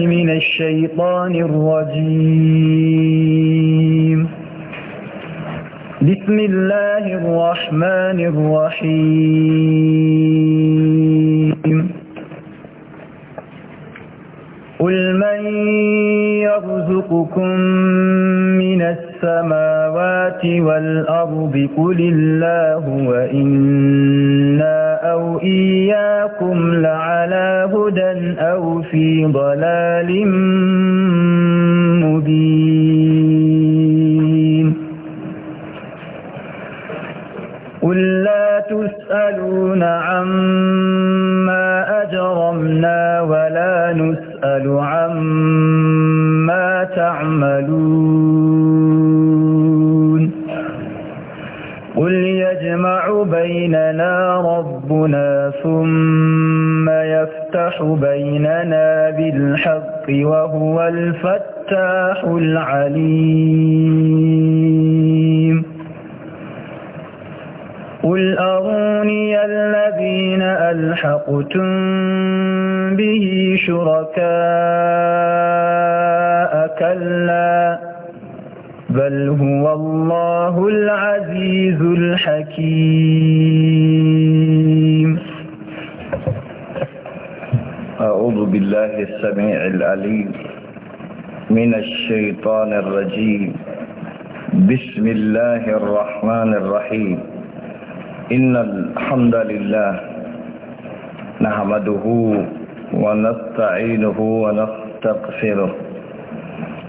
من الشيطان الرجيم بسم الله الرحمن الرحيم قل من يرزقكم من السماوات والأرض قل الله وإنا أو إيه أنكم لعلى هدى أو في ضلال مبين قل لا تسألون عما أجرمنا ولا نسأل عما تعملون قل يجمع بيننا رب ربنا ثم يفتح بيننا بالحق وهو الفتاح العليم قل أروني الذين ألحقتم به شركاء كلا بل هو الله العزيز الحكيم أعوذ بالله السميع العليم من الشيطان الرجيم بسم الله الرحمن الرحيم إن الحمد لله نحمده ونستعينه ونستغفره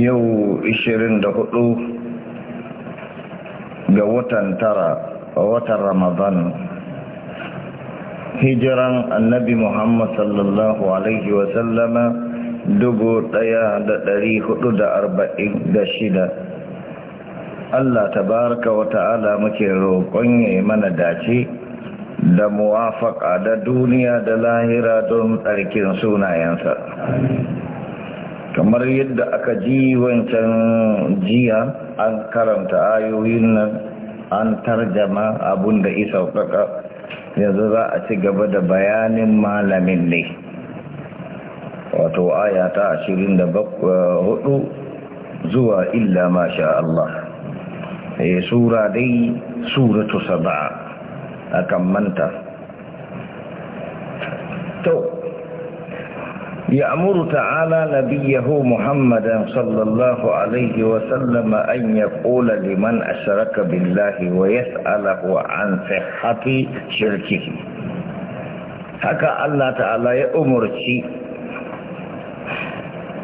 yau 24 ga watan tara watan ramadan hijiran annabi muhammad sallallahu alaihi wasallama dubu daya da dari hudu da arba'in da shida allah tabaraka wa ta'ala muke roƙon ya mana dace da muwafaƙa da duniya da lahira don tsarkin sunayensa kamar yadda aka ji wancan jiya an karanta ayoyin nan an tarjama abun da isa kaka yanzu za a ci gaba da bayanin malamin ne wato aya ta ashirin da eh, hudu zuwa illa masha Allah ya eh, sura dai suratu a kan manta يأمر تعالى نبيه محمدا صلى الله عليه وسلم أن يقول لمن أشرك بالله ويسأله عن صحة شركه هكا الله تعالى يأمر شيء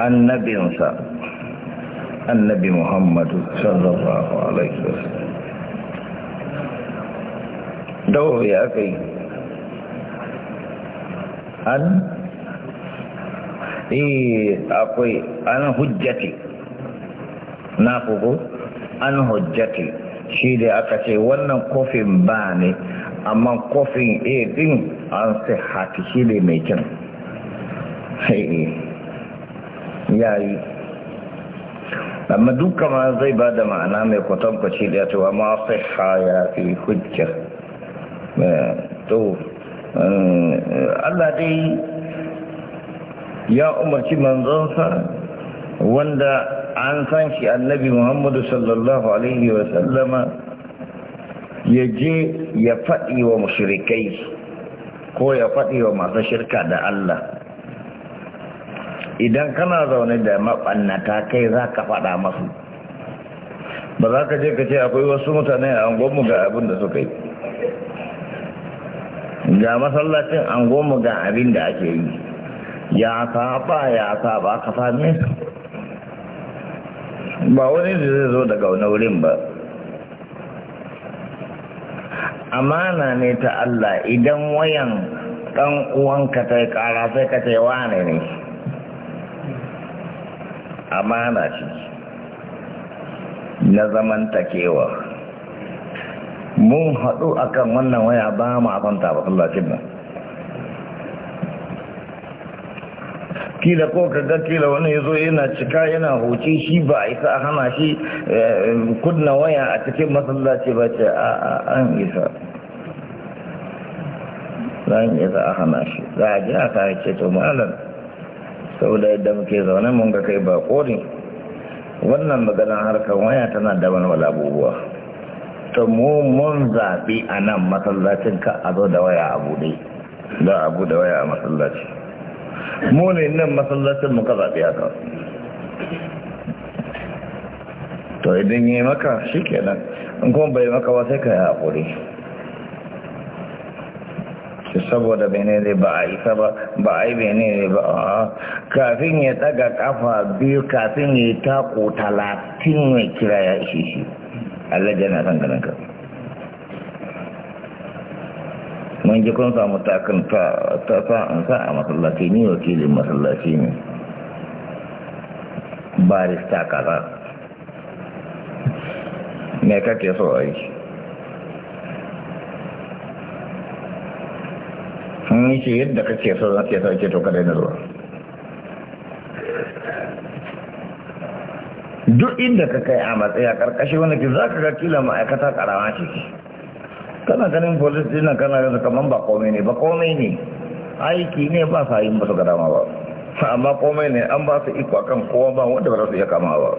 النبي النبي محمد صلى الله عليه وسلم دوه يا أخي أن eh akwai an hujjati na kogo, an hujjati shi da aka ce wannan kofin ba ne amma kofin a din an sai haka shi ne mai kyan yayi amma duka ma zai ba da ma'ana mai kwatankwaci da cewa ma sai ya fi hujja to Allah dai ya umarci manzonsa wanda an san shi annabi muhammadu sallallahu alaihi wasallama ya je ya faɗi wa mashirikai ko ya faɗi wa masu shirka da Allah idan kana zaune da maɓannata kai za ka faɗa masu ba za ka je ka ce akwai wasu mutane a angonmu ga abin da suka yi ga masallacin angonmu ga abin da ake yi ya ba ya ba ka same ba wani da zai zo daga wani wurin ba amana ne ta Allah idan wayan ɗan uwanka ta yi sai ka ce wane ne amana ce na zamantakewa mun haɗu akan wannan waya ba ma kwanta ba kullum cikin kila ko ka ga kila wani ya zo yana cika yana hoce shi ba a isa a hana shi eh, kunna waya a cikin masallaci ba ce a an isa zan isa a hana shi za a ji haka ce to malam da yadda muke zaune mun ga kai ba kori wannan maganar harkar waya tana da wani abubuwa ta mummun zaɓi a nan masallacin ka a zo da waya a buɗe da a buɗe waya a masallaci mu nan masallacin muka zaɓi haka to idan yi maka shi kenan in kuma bai maka ba sai ka yi haƙuri shi saboda bene ne ba a isa ba ba a yi bene ne ba a kafin ya ɗaga ƙafa biyu kafin ya yi talatin mai kira ya ishe shi allah jana san kafin mun ji kun samu takan ta sa'ansa a masallaci ni wakilin masallaci ne barista kaza me kake so a yi in ce yadda kake so za ke sauke to kada na zuwa duk inda ka kai a matsayi a ƙarƙashi wanda ke za ka ga kila ma'aikata ƙarama ce kana ganin polis dinan kana ganin kamar ba komai ne ba komai ne aiki ne ba sa yin basu gadama ba amma komai ne an ba su iko akan kowa ba wanda ba za su iya kama ba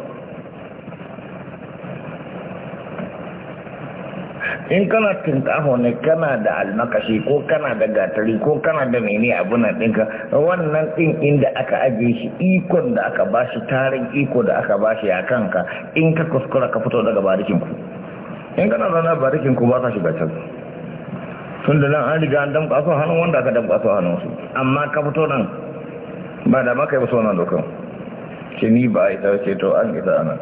in kana tinkaho ne kana da almakashi ko kana da gatari ko kana da mene abuna ɗinka wannan ɗin inda aka aje shi ikon da aka bashi tarin iko da aka bashi a kanka in ka kuskura ka fito daga barikin ku in kana zana barikin ku ba sa shiga can tun da nan an riga an damƙa su hannun wanda aka damƙa su hannun su amma ka fito nan ba da maka yi wasu wannan dokan ce ni ba a yi ce to an gida ana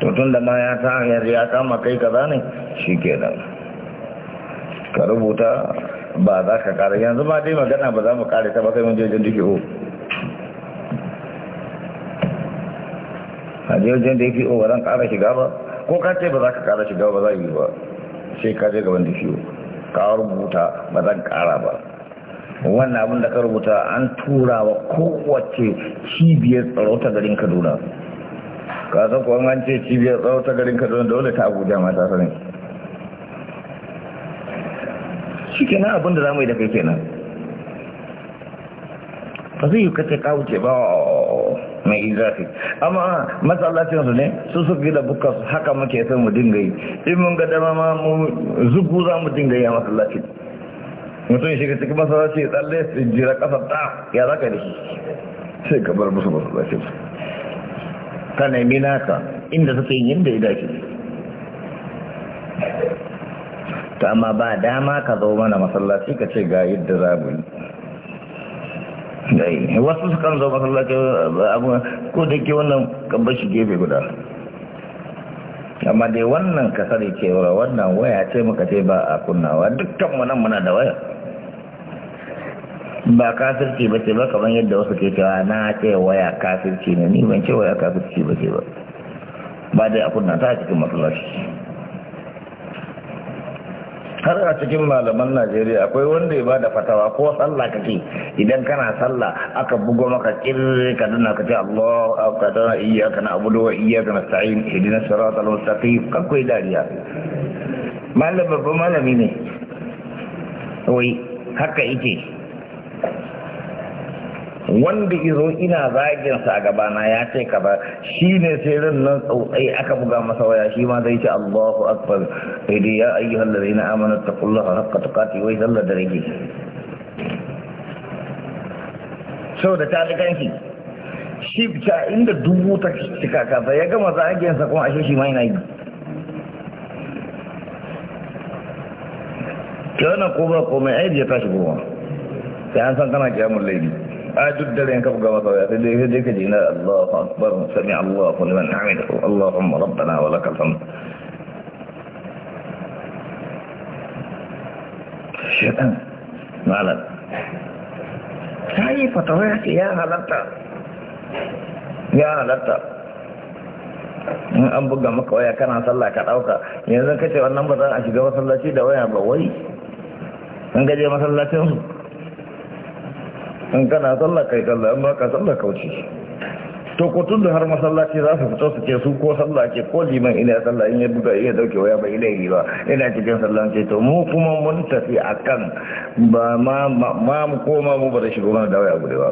to tun da ma ya ta hanyar ya kama kai kaza ne shi ke nan ka rubuta ba za ka kare yanzu ma dai magana ba za mu kare ta ba sai mun je jin duke a je wajen da ya fi ba zan kara shiga ba ko ka ce ba za ka kara shiga ba za yi ba sai ka je gaban da fi'o ka rubuta ba zan kara ba wannan abin da ka rubuta an tura wa kowace cibiyar tsaro ta garin kaduna ka san kuwa an ce cibiyar tsaro ta garin kaduna dole ta abuja mata sanin shi kenan abin da za mu yi da kai kenan ba zai yi kace ka wuce ba mai izafi amma matsalacin su ne su su gida buka su haka muke sai mu dinga yi in mun ga dama ma mu zubu za mu dinga yi a matsalacin mutum shiga ciki masallaci ya tsalle su jira kasar ta ya za ka dashi sai ka bar musu matsalacin su ta nemi naka inda sai yin da ya dace ta amma ba dama ka zo mana masallaci ka ce ga yadda za mu yi wasu su kan zo masallaci abu ko da ke wannan kabbar shi gefe guda amma dai wannan kasar cewar wannan waya ce muka ce ba a kunnawa dukkan nan muna da waya ba kafirci ba ce ba kamar yadda wasu ke cewa na ce waya kafirci ne ni ban ce waya kafirci ba ce ba ba dai a kunna ta cikin masallaci har a cikin malaman najeriya akwai wanda ya ba da fatawa ko sallah kake idan kana sallah aka bugo maka kirri ka dana ka ce allah ka dana iya kana abudu wa iya kana sa'in idina sarata al-mustaqim kan kai dariya malam babban malami ne wai haka yake wanda izo ina zagin sa a gabana ya ce ka ba shi ne sai ran nan tsautsai aka buga masa waya shi ma zai ce Allahu akbar sai ya ayyuha ladina amanu taqullaha haqqa tuqati wai sallar da so da ta dukan shi ta inda dubu ta cika kaza ya gama zagin sa kuma ashe shi ma yana yi kana ko ba komai ai ya tashi goma sai an san kana kiyamun laifi a duk dare in kafa gaba kawai sai dai sai ka jina Allahu akbar sami Allahu liman hamidahu Allahumma rabbana wa lakal hamd shedan malam sai fatawa ya halatta ya halatta in an buga maka waya kana sallah ka dauka yanzu ka ce wannan ba za a shiga masallaci da waya ba wai an gaje masallacin su in kana sallah kai tsalla in baka sallah kauce to ko tun da har masallaci za su fito su ke su ko sallah ke ko liman ina sallah in ya buga iya dauke waya bai ilahi ba ina cikin sallah ce to mu kuma mun tafi a kan ba ma ma mu koma mu ba da shigo mana dawaya waya gudu ba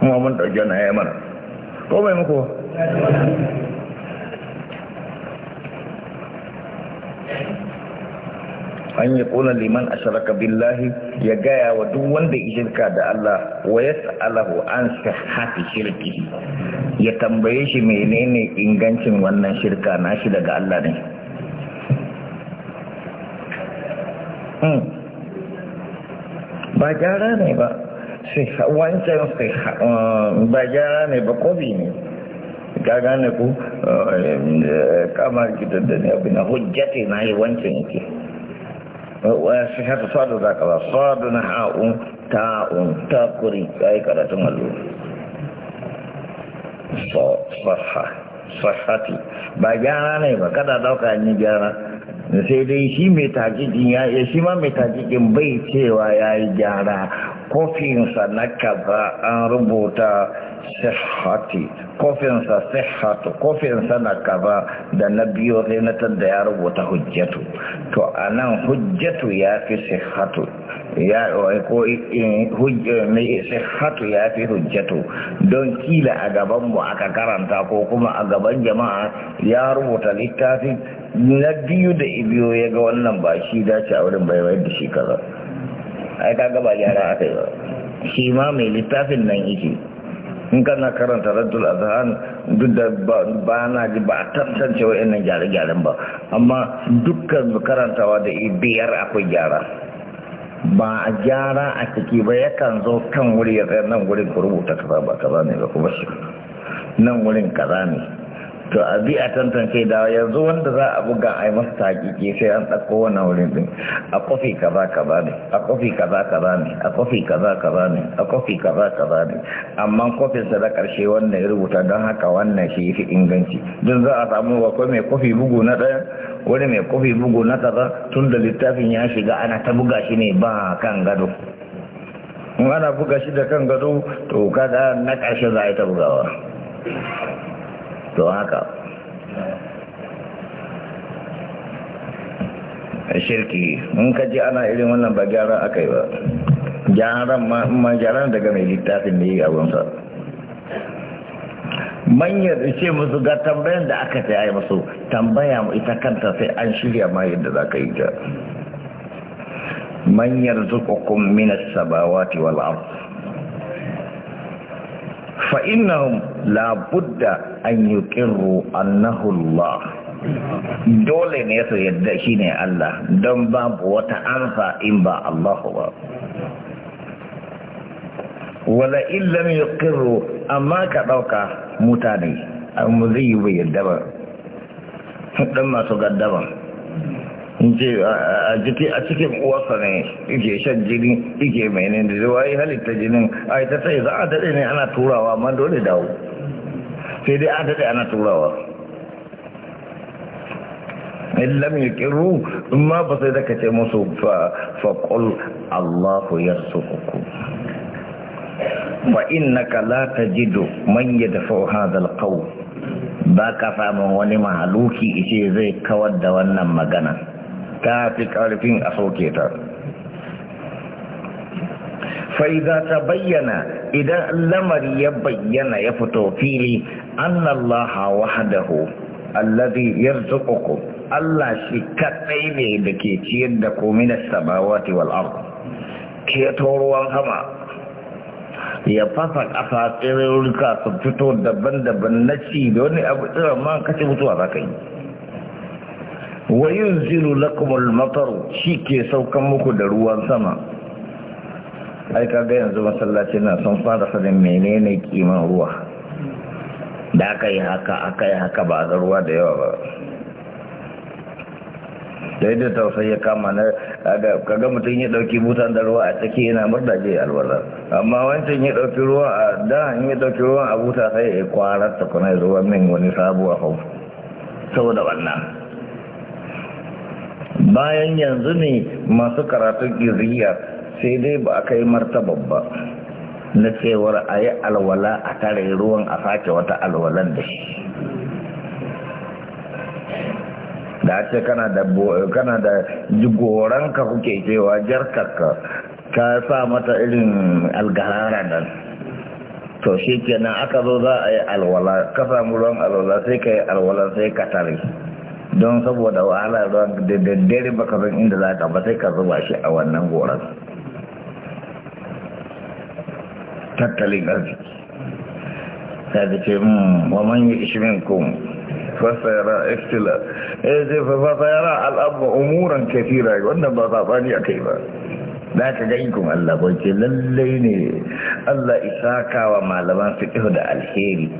kuma mun dauke na yayi mana ko bai muku an yi kula liman asharaka billahi ya gaya wa duk wanda ya shirka da Allah wa yas'alahu an sahati shirki ya tambaye shi menene ingancin wannan shirka nashi daga Allah ne hmm. ba gyara ne ba wancan um, ba gyara ne ba kobi ne gaga ne ku eh, eh, kamar gidan da ne abu na hujjati na yi wancan yake shahar sadu za ka ba sadu na ha'un ta'un takuri ya yi karatun allo sahati ba gyara ne ba kada dauka yi gyara sai dai shi mai tajikin ya iya shi ma mai tajikin bai cewa ya yi gyara kofinsa na kaza, an ah, rubuta sahati kofinsa sihhatu kofinsa na kaba da na biyo sai na tadda ya rubuta hujjatu to a nan hujjatu ya fi sihhatu ya ko ya fi hujjatu don kila a gabanmu aka karanta ko kuma a gaban jama'a ya rubuta littafi na biyu da ibiyo ya ga wannan ba shi dace a wurin bai wayar da shi kaza ai kaga ba gyara aka yi ba shi ma mai littafin nan yake in kana karanta raddul azhan duk da ba na ji ba a tantance wa'annan gyare-gyaren ba amma dukkan karantawa da biyar akwai gyara ba a gyara a ciki ba yakan zo kan wuri ya tsaye nan wurin ku rubuta kaza ba kaza ne ba kuma shi nan wurin kaza ne to a bi a tantance da yanzu wanda za a buga a yi masa taƙiƙi sai an ɗauko wani wurin ɗin a kofi ka ba ne a kofi ka ba ne a kofi ka ba ne a kofi ka ba ne amma kofin sa da ƙarshe wannan ya rubuta don haka wannan shi fi inganci don za a samu akwai mai kofi bugu na ɗaya wani mai kofi bugu na kaza tun da littafin ya shiga ana ta buga shi ne ba kan gado in ana buga shi da kan gado to kaga na ƙarshe za a yi ta bugawa to haka shirki in ka ji ana irin wannan ba gyaran aka yi ba gyaran ma gyaran daga mai littafin ne abinsa manyan ce musu ga tambayan da aka ta yi musu tambaya mu ita kanta sai an shirya ma yadda za ka yi ta manyan zukukun minas sabawati wal'ar فإنهم labudda anyi أن يقروا أنه dole ne su yadda shi ne Allah don babu wata ansa in ba Allah ba wala illam yuqirru amma ka ɗauka mutane amma zai yi bai yadda ba dan masu gaddaba a cikin uwarsa ne ike shan jini ike mai ne da zuwa yi halitta jinin a ita sai za a daɗe ne ana turawa amma dole dawo sai dai a daɗe ana turawa in lam yuqiru in ma ba sai daga ce musu fa fa qul Allahu yarzuqukum fa innaka la tajidu man yadfa hadha alqawl ba ka samun wani mahaluki ishe zai kawar da wannan magana ta fi ƙarfin a sauke ta fa'iza ta bayyana idan lamari ya bayyana ya fito fili annallaha wahdahu alladhi yarzuqukum Allah shi kadai ne da ke ciyar da ku minas samawati wal ard ke ruwan hama ya fasa ƙasa tsirrurka su fito daban-daban na ci da wani abu tsirar kace mutuwa za yi wa yunzilu lakumul matar shi ke saukan muku da ruwan sama ai kaga yanzu masallaci na son fara sanin menene kiman ruwa da aka yi haka aka yi haka ba ga ruwa da yawa ba da yadda tausayi ya kama na kaga mutum ya dauki butan da ruwa a tsaki yana murda je alwala amma wancan ya dauki ruwa a da in ya dauki ruwa a buta sai ya kwarar ta kuna ruwan min wani sabuwa hau saboda wannan bayan yanzu ne masu karatun iriya sai dai ba a kai martaba ba na cewar a yi alwala a tare ruwan a sake wata alwalan da shi da ce kana da kana da kuke cewa jarkarka ka sa mata irin algarara nan to shi kenan aka zo za a yi alwala ka samu ruwan alwala sai ka yi alwala sai ka tare don saboda wahala ruwan da daddare baka san inda za ka ba sai ka zuba shi a wannan goron tattalin arziki ta da ce hmm, wa man yi ishirin kun fasayara ikhtila eh zai fasayara al'abba umuran kafira wannan ba saɓani a kai ba za ka ga ikon Allah ba ce lallai ne Allah isa kawa malaman fiƙihu da alheri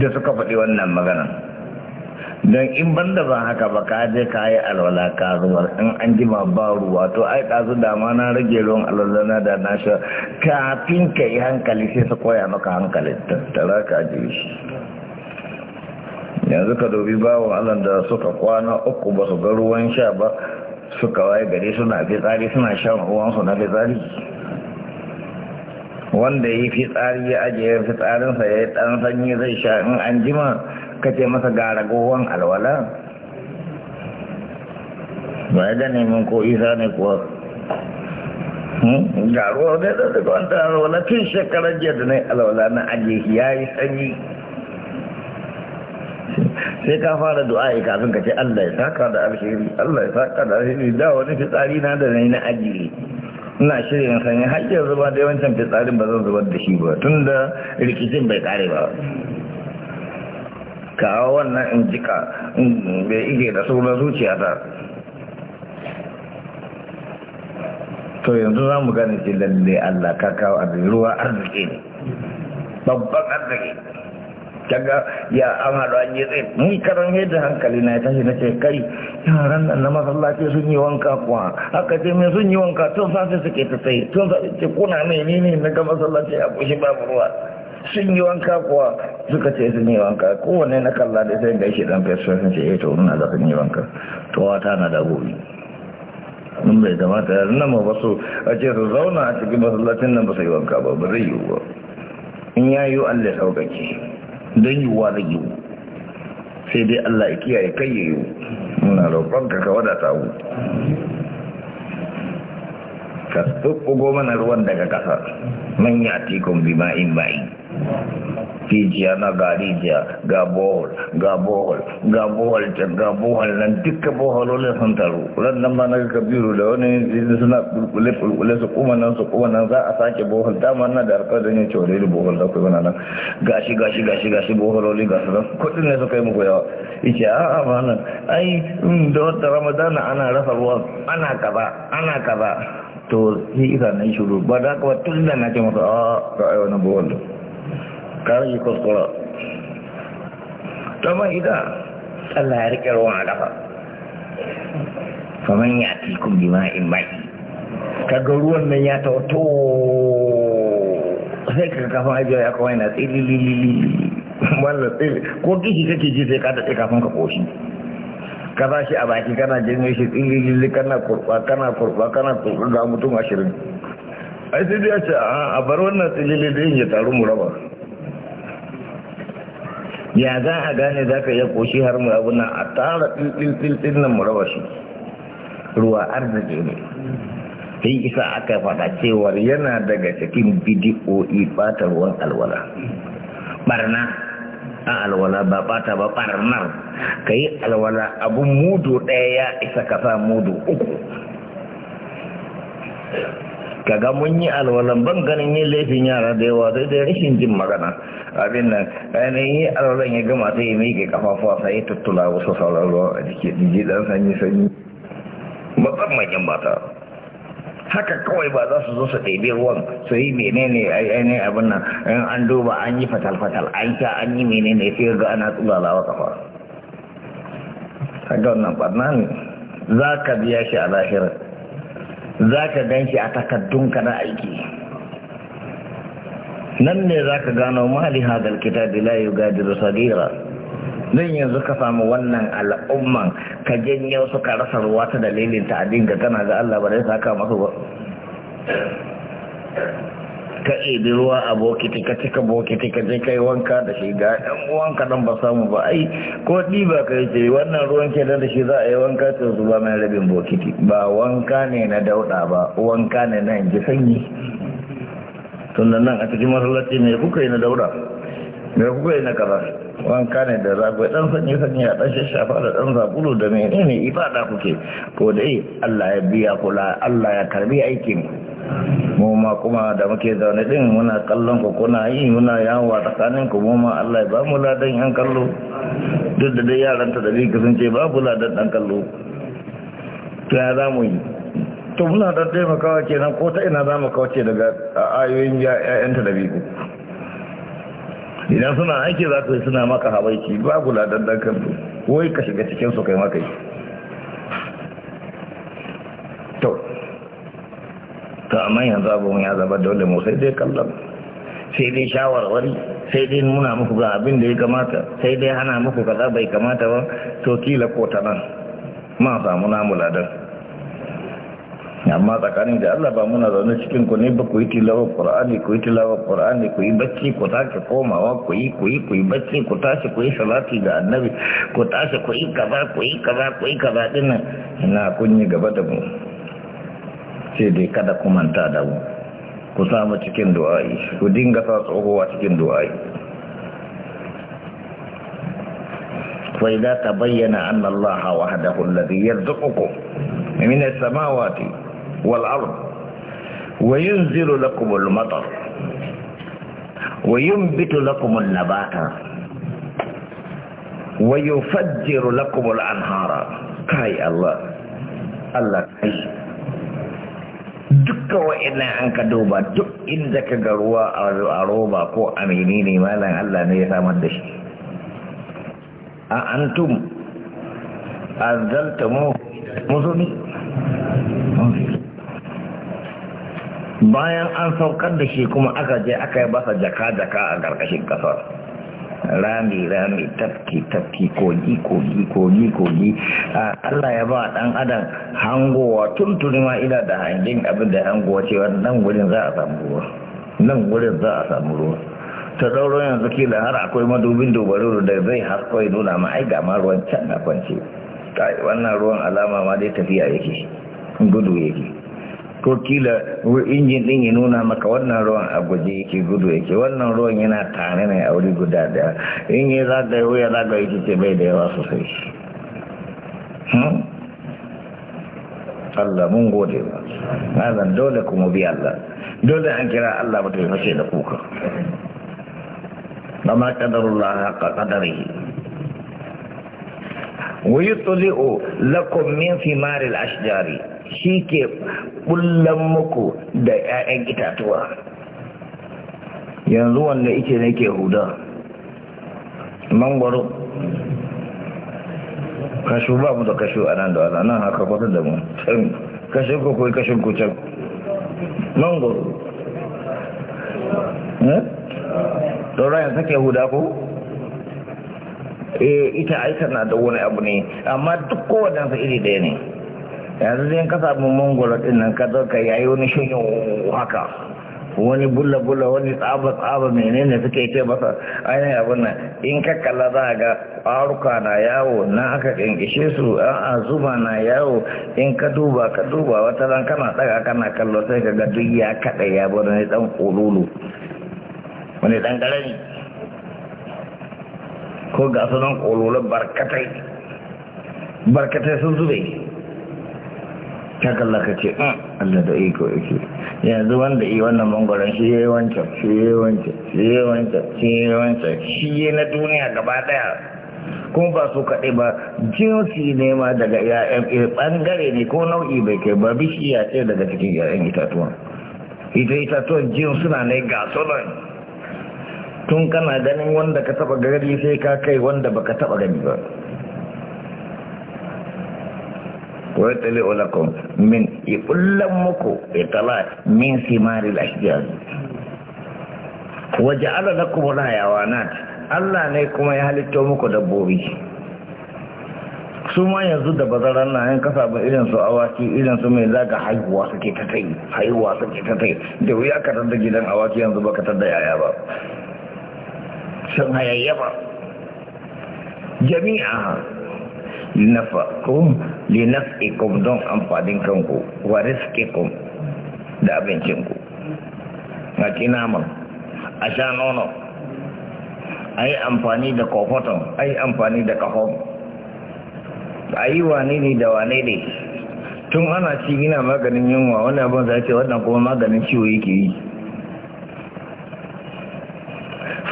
da suka faɗi wannan maganan don in ban da ba haka ba ka je ka yi alwala ka zubar in an jima ba ruwa to ai ɗazu dama na rage ruwan alwala da na sha kafin ka yi hankali sai su koya maka hankali tattara ka ji shi yanzu ka dubi bawon allah da suka kwana uku ba su ga ruwan sha ba suka waye gari suna fitsari suna shan ruwansu na fitsari wanda ya yi fitsari ya ajiye fitsarinsa ya yi ɗan sanyi zai sha in an jima ka ce masa ga ragowar alwala ba ya gane min ko isa ne kuwa hmm? ga ruwa da da da kwanta alwala tun shekarar jiya da na alwala na aji ya yi sanyi sai ka fara ya kafin ka ce Allah ya saka da alheri Allah ya saka da alheri da wani fitsari na da na ajiye ina shirin sanya har zuba da yawancin fitsarin ba zan zubar da shi ba tunda rikicin bai kare ba kawo wannan in jika bai ike da sauran zuciya ta to yanzu za mu gani ce lalle Allah ka kawo abin ruwa arziki ne babban arziki kaga ya an haɗu an yi tsaye ni karan yadda hankali na ya tashi na ce kai yaran nan na masallaci sun yi wanka kuwa haka ce mai sun yi wanka tun safe suke ta tsaye tun sa ce kuna mai ne na ga masallaci a kushi babu ruwa sun yi wanka kuwa suka ce sun yi wanka kowane na kalla da sai shi dan fesu sun ce eh to da sun yi wanka to wata na da gobe mun bai zama ta ya nan ma su a ce su zauna a cikin masallacin nan ba su yi wanka ba ba zai yi ba in ya yi Allah ya sauƙaƙe don yiwuwa zai yiwu sai dai Allah ya kiyaye kai ya yi muna roƙonka ka wadata ka tsoko mana ruwan daga ƙasa manya tekun tikon bima in rijiya na ga rijiya ga bohol ga bohol ga bohol can ga bohol nan duka bohololin sun taru ran nan ma na ga biyu da wani yanzu suna kulkule kulkule su kuma nan su kuma nan za a sake bohol dama na da harkar da yin cewa da bohol da kuma nan gashi gashi gashi gashi bohololi ga su nan kudin ne su kai muku yawa ice a a ma nan ai mm, da wata ramadana ana rasa ruwa ana kaza ana kaza to shi isa nan shuru ba da haka ba tun da na ce masa a ga wani na bohol kawai yi kuskura tama ita Allah ya rike ruwan alafa faman ya kun bi ma in mai kaga ruwan nan ya ta wato sai ka kafin ajiyar ya kawai na tsili lili lili wannan tsili ko kishi kake ji sai ka daɗe kafin ka koshi ka za shi a baki kana jirgin shi tsili lili kana kurba kana kurba kana kurba ga mutum ashirin ai sai dai a ce a bar wannan tsili lili ya taru mu raba ya za a gane za ka iya koshi har mu abu na a tara tsiltsiltsil nan mu shi ruwa arziki ne sai isa aka faɗa cewar yana daga cikin bidi'o'i ɓata ruwan alwala barna a alwala ba ɓata ba ɓarnar ka yi alwala abun mudu ɗaya ya isa ka sa mudu uku kaga mun yi alwalan ban ganin yin laifin yara da yawa sai da rashin jin magana abin nan ainihin yi alwalan ya gama sai ya miƙe kafafuwa sai ya tattula wasu sauraro ruwa a jiki jiji dan sanyi sanyi musamman manyan mata haka kawai ba za su zo su ɗaiɗe ruwan su yi menene ainihin abin nan in an duba an yi fatal-fatal an sha an yi menene sai ga ana tsulalawa kafa kaga wannan ɓarna ne za ka biya shi a lahirar za ka gan shi a takaddunka na aiki nan ne za ka gano mali hadal kitabi la da sagira zan yanzu ka samu wannan al'umman ka janyo su ka rasa ruwa ta dalilin ta adin ga ga Allah ba zai saka masu ba ka ebe ruwa a bokiti ka cika bokiti ka je kai wanka da shi ga ɗan wanka don ba samu ba ai ko ba ka ce wannan ruwan ke da shi za a yi wanka ta ba mai rabin bokiti ba wanka ne na dauɗa ba wanka ne na inji sanyi tun nan a cikin masallaci me kuka yi na dauɗa Me kuka yi na kaza wanka ne da zagwai ɗan sanyi sanyi a ɗan shashafa da ɗan zabulu da menene ibada kuke ko dai Allah ya biya kula Allah ya karbi aikin mu ma kuma da muke zaune din muna kallon ku kuna yi muna yawo a tsakanin ku mu ma Allah ya ba mu ladan yan kallo duk da dai yaran ta da bi sun ce mu ladan dan kallo to ya zamu yi to muna da taimakawa kenan ko ta ina zamu kauce daga ayoyin ƴaƴan ta da bi idan suna aiki za ku suna maka ba mu ladan dan kallo wai ka shiga cikin su kai maka yi to amma yanzu abin ya zaba dole mu sai dai kallon sai dai shawarwari sai dai muna muku ga abin da ya kamata sai dai hana muku kaza bai kamata ba to kila ko ta nan ma samu namu ladan amma tsakanin da Allah ba muna zaune cikin ku ne ba ku yi tilawa Qur'ani ku yi tilawa Qur'ani ku yi bacci ku tashi komawa ku yi ku yi ku yi bacci ku tashi ku yi salati ga Annabi ku tashi ku yi kaza ku yi kaza ku yi kaza dinnan ina kunyi gaba da mu sai dai kada ku manta da mu ku samu cikin du'a'i ku dinga sa tsohuwa cikin du'a'i fa idza tabayyana anna Allah wahdahu alladhi yarzuqukum min as-samawati wal ard wa yunzilu lakum al-matar wa yunbitu lakum an-nabata wa yufajjiru lakum al-anhara kai Allah Allah kai dukkan wa'annan an ka duba duk inda ka ga ruwa a roba ko a menene malam Allah ne ya samar da shi a antum azalta mu muzuni bayan an saukar da shi kuma aka je aka yi basa jaka-jaka a ƙarƙashin ƙasar rami rami tafki tafki kogi kogi kogi kogi Allah ya ba dan adam hangowa tuntuni ma ina da hangin abin da hangowa cewa nan gurin za a samu ruwa nan gurin za a samu ruwa ta dauro yanzu kila har akwai madubin dubaru da zai har nuna ma ai ga ma can na kwance wannan ruwan alama ma dai tafiya yake gudu yake ko kila injin din ya nuna maka wannan ruwan a guje yake gudu yake wannan ruwan yana tare ne a wuri guda daya in ya zaga wuya za zaga yake ce bai da yawa sosai hmm? Allah mun gode ba mazan dole kuma bi Allah dole an kira Allah ba ta yi fashe da kuka amma kadarullah haka kadarihi ويطلئ لكم من ثمار الأشجار shi ke bullan muku da 'ya'yan itatuwa yanzu wanda ike ne ke huda mangwaro kashu ba mu da kashu a nan da wata nan haka kwata da mu kashin ku kai kashin kucan, can mangwaro eh? ɗora yanzu ke huda ko? Eh, ita aika na da wani abu ne amma duk kowadansa iri ɗaya ne yanzu zai kasa mu mangoro ɗin nan ka zo ka yayi wani shirin haka wani bulla-bulla wani tsaba-tsaba menene suke ce masa ainihin abin nan in kakkalla za a ga ƙwaruka na yawo na aka ƙinƙishe su a azuma na yawo in ka duba ka duba wata ran kana tsaga kana kallo sai ka ga duk ya kaɗa ya bar ne ɗan ƙololo wani ɗan ƙarami ko ga su nan ƙololo barkatai barkatai sun zube ta kalla ka ce ah, Allah da iko yake yanzu wanda yi wannan mangoron shi ya yi wancan shi ya yi wancan shi ya yi wancan shi ya yi wancan shi na duniya gaba daya kuma ba su kaɗai ba jinsi ne ma daga ya'yan eh, ɓangare ne ko nau'i bai kai ba bishiya ce daga cikin ya'yan itatuwan ita itatuwan na ne ga sunan tun kana ganin wanda ka taɓa gari sai ka kai wanda baka taɓa gani ba wa yatli'u lakum min yuqallam muku itala min simari al-ashjar wa ja'ala lakum al-hayawanat Allah ne kuma ya halitto muku dabbobi su ma yanzu da bazaran na yan kasa ba irin su awaki irin su mai zaga haihuwa suke ta tai haihuwa suke ta tai da wuya ka tada gidan awaki yanzu ba ka tada yaya ba sun hayayya ba jami'a linafakum linaf'ikum don amfanin kanku wa rizqikum da abincinku ga kinaman a sha nono a yi amfani da kofoton a yi amfani da kafon a yi wane ne da wane ne tun ana ci gina maganin yunwa wani abin za ce wannan kuma maganin ciwo yake yi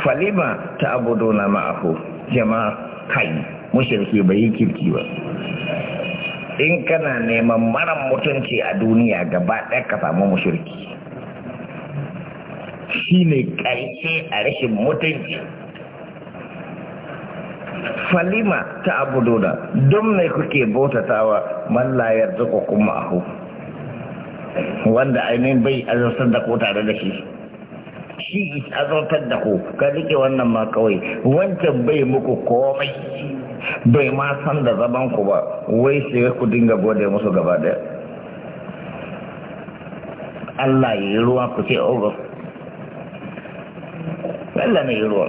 falima ta abu dona ma'ahu jama'a kai Mushirki bai yi kirki ba in kana neman maran mutunci a duniya gaba ɗaya ka samu mushirki shi ne ƙarshe a rashin mutunci falima ta dona don mai kuke bautatawa mallayar zuka kuma ahu wanda ainihin bai azartar da ko tare da shi shi azartar da ko ka rike wannan ma kawai wancan bai muku komai bai ma san da zaman ku ba wai sai ku dinga gode musu gaba daya Allah ya yi ruwa ku ce ogo Allah ne yi ruwa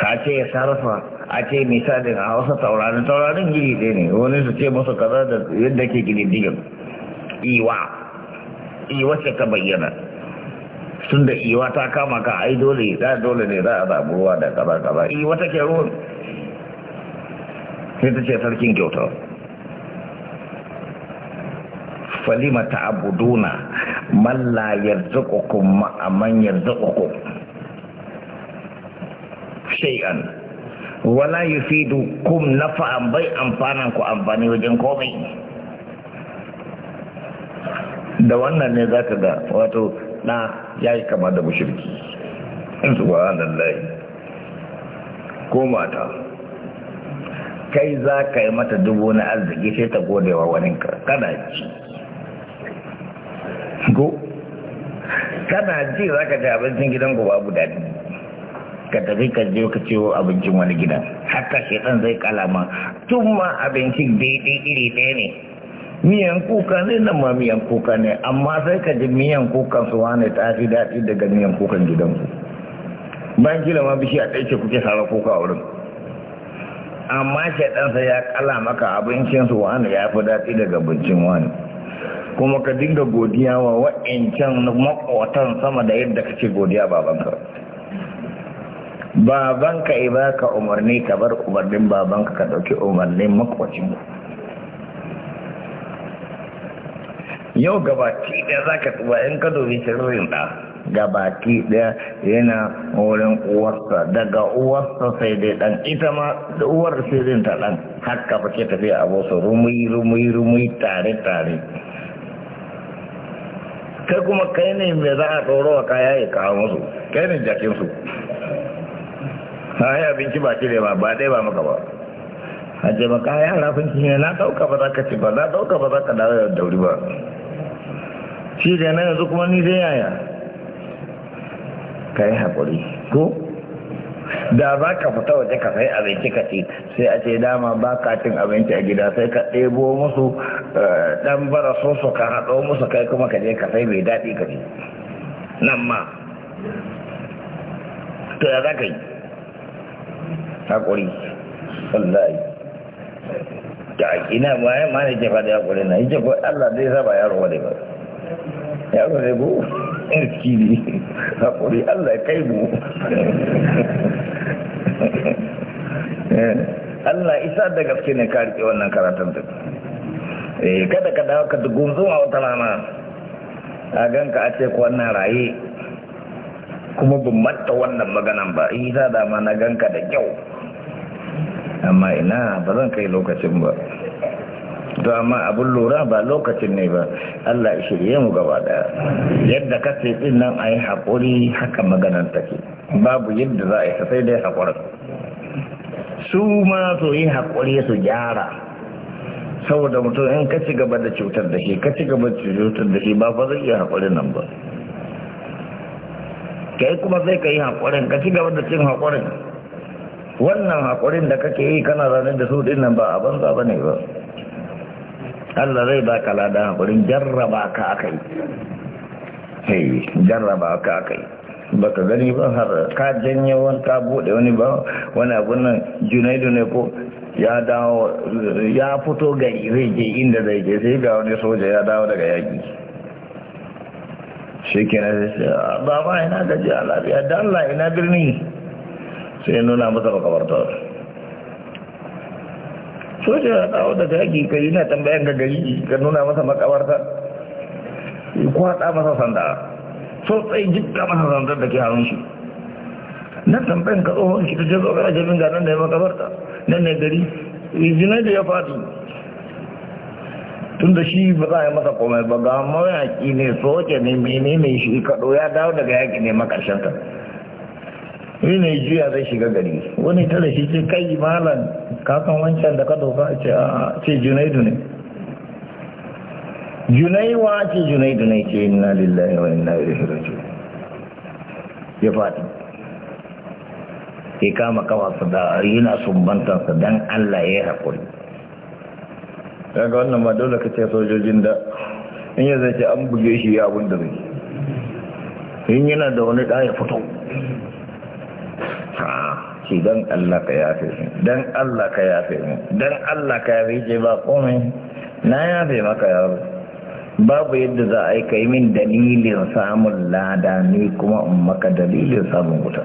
ka ce ya sarrafa a ce misalin a wasu taurarin taurarin gini ɗaya ne wani su ce musu kaza da yadda ke gini digin iwa iwa ce ta bayyana tun da iwa ta kama ka ai dole za dole ne za a zaɓuwa da kaza kaza iwa ta ke ruwan sai ta ce sarkin kyauta falima ta ta'abuduna malla la yarzuqukum ma'aman man yarzuqukum shay'an wala yufidukum nafa'an bai amfanan ku amfani wajen komai da wannan ne za ka ga wato na ya yi kama da mushriki subhanallahi ko mata kai za ka yi mata dubu na arziki sai ta gode wa wani kada ji go kada ji za ka ci abincin gidan ku babu daɗi ka tafi ka je ka ciwo abincin wani gidan hatta ɗan zai kalama tun ma abincin daidai iri ɗaya ne miyan kuka ne nan ma miyan kuka ne amma sai ka ji miyan kukan su wane ta fi daɗi daga miyan kukan gidanku bayan kila ma bishiya ɗaya ce kuke sara kuka a wurin amma shaidansa ya kala maka abincinsu wani ya fi daɗi daga abincin wani kuma ka dinga godiya wa wa'incan makwatan sama da yadda ka ce godiya babanka babanka i ba ka umarni ka bar umarnin babanka ka ɗauki umarnin makwacin yau gabaci ɗaya za ka tuba in ka dobi shirin ɗa gabaki daya yana wurin uwarsa daga uwarsa sai dai dan ita ma da uwar sai zai ta dan haka ba ke tafiya a bosu rumi rumi rumi tare tare kai kuma kai ne mai za a tsoro wa kaya ya kawo musu kai ne jakinsu kayan binci ba da ba ba dai ba maka ba hajji ba kayan rafinci ne na ɗauka ba za ka ci ba na ɗauka ba za ka dawo da dauri ba shi da na yanzu kuma ni zai yaya ka yi haƙuri ko da ba ka fita waje ka sai abinci ka ci sai a ce dama ba ka cin abinci a gida sai ka ɗebo musu eh, ɗan bara soso ka haɗo musu kai kuma ka je ka sai mai daɗi ka ci nan ma to ya za ka yi haƙuri wallahi ta ina ma ya ma ne jefa da haƙuri na yi jefa Allah zai saba yaro wadai ba yaro ne bu ne haƙuri allah kai mu eh, allah isa da gaske ne ka riƙe wannan karatun duk eh, kada ka dawo ka dugun zuwa wata rana a ganka a ce ku wannan raye kuma bin matta wannan maganan ba eh, isa da ma na ganka da kyau amma ina ba zan kai lokacin ba to amma abun lura ba lokacin ne ba Allah ya shirye mu gaba daya yadda ka din nan ayi hakuri haka maganar take babu yadda za a yi sai dai hakuri su ma su yi hakuri su gyara saboda mutum in ka ci gaba da cutar da shi ka ci gaba da cutar da shi ba fa zai yi hakuri nan ba kai kuma sai ka yi haƙurin ka ci gaba da cin hakuri. wannan hakurin da kake yi kana ranar da su ɗin nan ba a banza ba ne ba Allah zai ba ka lada haƙurin jarraba ka aka yi jarraba ka aka yi ba ka gani ba har ka janye wani ka buɗe wani ba wani abun nan junaidu ne ko ya dawo ya fito gari zai je inda zai je sai ga wani soja ya dawo daga yaƙi shi kenan sai ah, baba ina gaji a lafiya da Allah ina birni sai nuna masa bakabarta soja ya dawo daga yaƙi ka yi na tambayan ga gari ka nuna masa makabarta kwata masa sanda sosai jibga masa sanda da ke hannun shi na tambayan ka tsohon shi ta je zo gara jami'in ganin da ya makabarta nan ne gari zinai da ya fadi tun da shi ba za a yi masa komai ba ga mawaƙi ne soke ne menene shi kaɗo ya dawo daga yaƙi ne makarshen shi ne juya zai shiga gari wani tare shi ce kai malam kakan wancan da ka doka a ce a ce junaidu ne junaiwa ce junaidu ne ce Na lillahi wa inna ilaihi raji'un ya fata ke kama kawarsa da yana sumbantarsa don Allah ya yi haƙuri daga wannan ma dole ka ce sojojin da in yi zai ce an buge shi ya abin da zai in yana da wani ɗaya fito ta shi dan Allah ka yafe mu dan Allah ka yafe mu dan Allah ka yafe ce ba komai na yafe maka yaro babu yadda za a yi ka yi min dalilin samun lada ne kuma in maka dalilin samun wuta